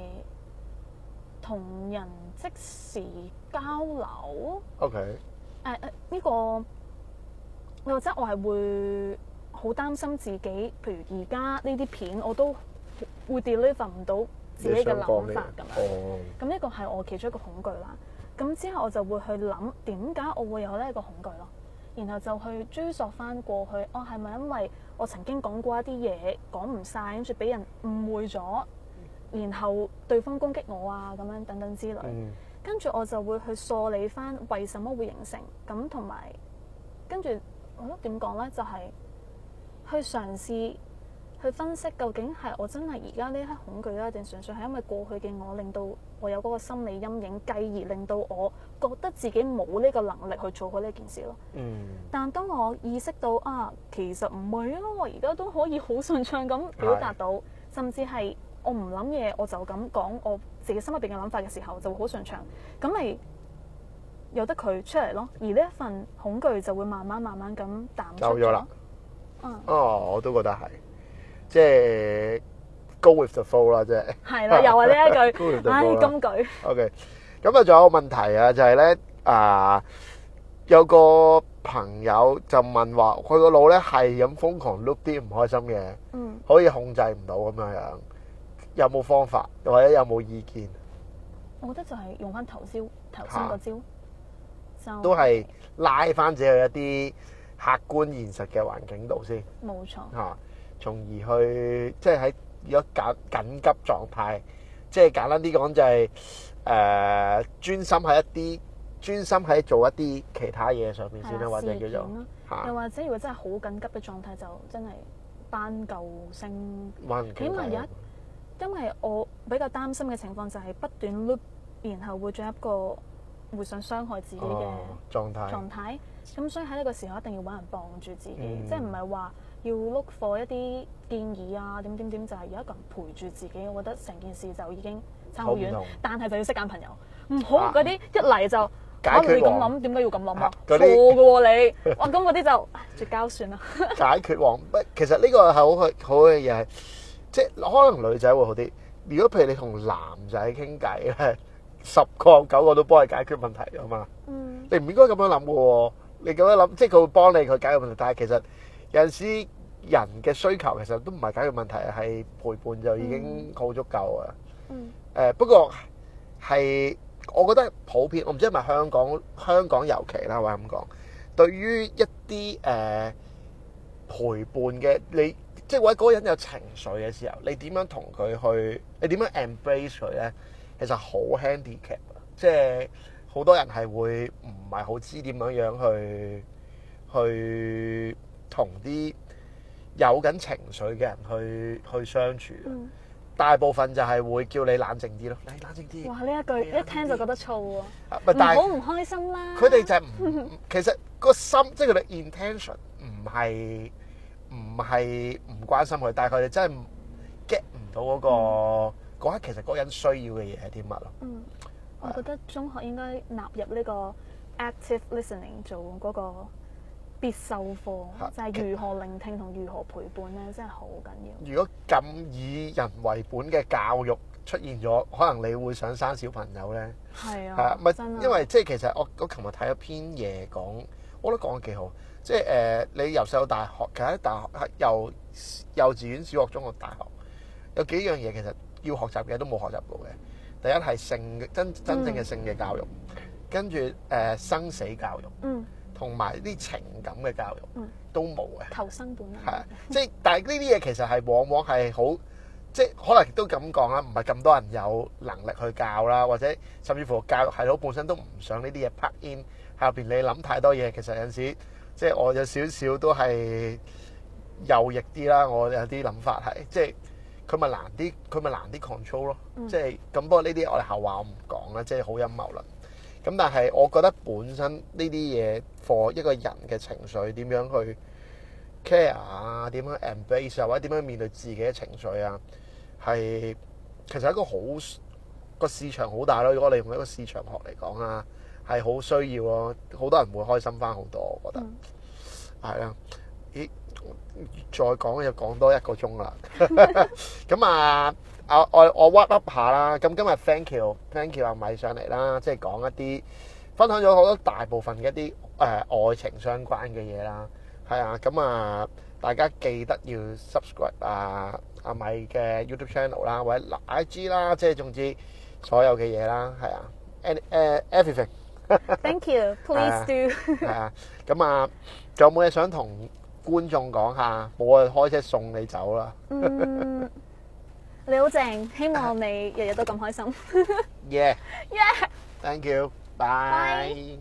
同人即時交流。OK、啊。誒、啊、誒，呢、呢個或者我覺得我係會。好擔心自己，譬如而家呢啲片，我都會 deliver 唔到自己嘅諗法咁。咁呢、oh. 個係我其中一個恐懼啦。咁之後我就會去諗點解我會有呢一個恐懼咯。然後就去追溯翻過去，哦、啊，係咪因為我曾經講過一啲嘢講唔晒，跟住俾人誤會咗，然後對方攻擊我啊，咁樣等等之類。跟住、mm. 我就會去梳理翻為什麼會形成咁，同埋跟住我覺得點講呢，就係、是。去嘗試去分析究竟係我真係而家呢一刻恐懼啦、啊，定純粹係因為過去嘅我令到我有嗰個心理陰影，繼而令到我覺得自己冇呢個能力去做好呢件事咯。嗯。但係當我意識到啊，其實唔會啊，我而家都可以好順暢咁表達到，是甚至係我唔諗嘢，我就咁講我自己心入邊嘅諗法嘅時候，就會好順暢，咁咪由得佢出嚟咯。而呢一份恐懼就會慢慢慢慢咁淡咗啦。哦，oh, 我都覺得係，即係 go with the flow 啦，即係。係啦，又話呢一句，唉 <laughs> the 具，金句。OK，咁啊，仲有個問題啊，就係、是、咧，啊、呃，有個朋友就問話，佢個腦咧係咁瘋狂碌啲唔開心嘅，嗯，可以控制唔到咁樣樣，有冇方法，或者有冇意見？我覺得就係用翻頭先，頭先個招，啊、就是、都係拉翻自己一啲。客觀現實嘅環境度先，冇錯。嚇、啊，從而去即係喺如果搞緊急狀態，即係簡單啲講就係、是、誒、呃、專心喺一啲專心喺做一啲其他嘢上面先啦，啊、或者叫做，又、啊啊、或者如果真係好緊急嘅狀態，就真係班救星。環境、啊。起碼有一，因為我比較擔心嘅情況就係不斷 look，然後會咗一個會想傷害自己嘅狀態狀態。哦、狀態。咁所以喺呢個時候一定要揾人幫住自己，嗯、即係唔係話要 look for 一啲建議啊，點點點，就係、是、有一個人陪住自己，我覺得成件事就已經差好遠。但係就要識揀朋友，唔好嗰啲一嚟就唔會咁諗，點解要咁諗啊？錯噶喎你，哇咁嗰啲就絕交算啦。解決王，啊、不，其實呢個係好嘅好嘅嘢，係即係可能女仔會好啲。如果譬如你同男仔傾偈咧，十 <laughs> 個九個都幫你解決問題噶嘛。嗯、你唔應該咁樣諗噶喎。你咁樣諗，即係佢會幫你去解決問題。但係其實有陣時人嘅需求其實都唔係解決問題，係陪伴就已經好足夠啊。嗯。誒不過係，我覺得普遍，我唔知係咪香港香港尤其啦，我係咁講。對於一啲誒、呃、陪伴嘅你，即係或者嗰個人有情緒嘅時候，你點樣同佢去？你點樣 embrace 佢咧？其實好 handicap，即係。好多人係會唔係好知點樣樣去去同啲有緊情緒嘅人去去相處，嗯、大部分就係會叫你冷靜啲咯，你冷靜啲。哇！呢一句一聽就覺得燥喎、啊，唔好唔開心啦。佢哋但就係 <laughs> 其實個心，即係佢哋 intention 唔係唔係唔關心佢，但係佢哋真係 get 唔到嗰、嗰個嗰一刻其實嗰個人需要嘅嘢係啲乜咯。嗯。我覺得中學應該納入呢個 Active Listening 做嗰個必修課，就係如何聆聽同如何陪伴咧，真係好緊要。如果咁以人為本嘅教育出現咗，可能你會想生小朋友咧。係啊，係啊，唔咪真咯的。因為即係其實我我琴日睇咗篇嘢講，我覺得講得幾好。即係誒，你由細到大學，其實喺大學由幼稚園、小學、中學、大學，有幾樣嘢其實要學習嘅都冇學習到嘅。第一係性，真真正嘅性嘅教育。跟住誒生死教育，嗯，同埋啲情感嘅教育、嗯、都冇嘅。求生本能啊， <laughs> 即係但係呢啲嘢其實係往往係好，即係可能亦都咁講啦，唔係咁多人有能力去教啦，或者甚至乎教育系統本身都唔想呢啲嘢 plug in 下邊。你諗太多嘢，其實有陣時即係我有少少都係右翼啲啦，我有啲諗法係即係。佢咪難啲，佢咪難啲 control 咯，嗯、即係咁。不過呢啲我哋後話我唔講啦，即係好陰謀論。咁但係我覺得本身呢啲嘢 for 一個人嘅情緒點樣去 care 啊，點樣 embrace 啊，或者點樣面對自己嘅情緒啊，係其實一個好個市場好大咯。如果我哋用一個市場學嚟講啊，係好需要咯，好多人會開心翻好多，我覺得係啊、嗯，咦？再講又講多一個鐘啦，咁啊，我我我 wrap up 下啦。咁今日 thank you，thank you 阿米上嚟啦，即係講一啲分享咗好多大部分嘅一啲誒愛情相關嘅嘢啦，係啊，咁啊，大家記得要 subscribe 啊阿米嘅 YouTube channel 啦，或者嗱 IG 啦，即係總之所有嘅嘢啦，係啊，and and everything。Thank you，please do。係啊，咁啊，仲有冇嘢想同？觀眾講下，我開車送你走啦。嗯，你好正，希望你日日都咁開心。Yeah，yeah，thank you，bye。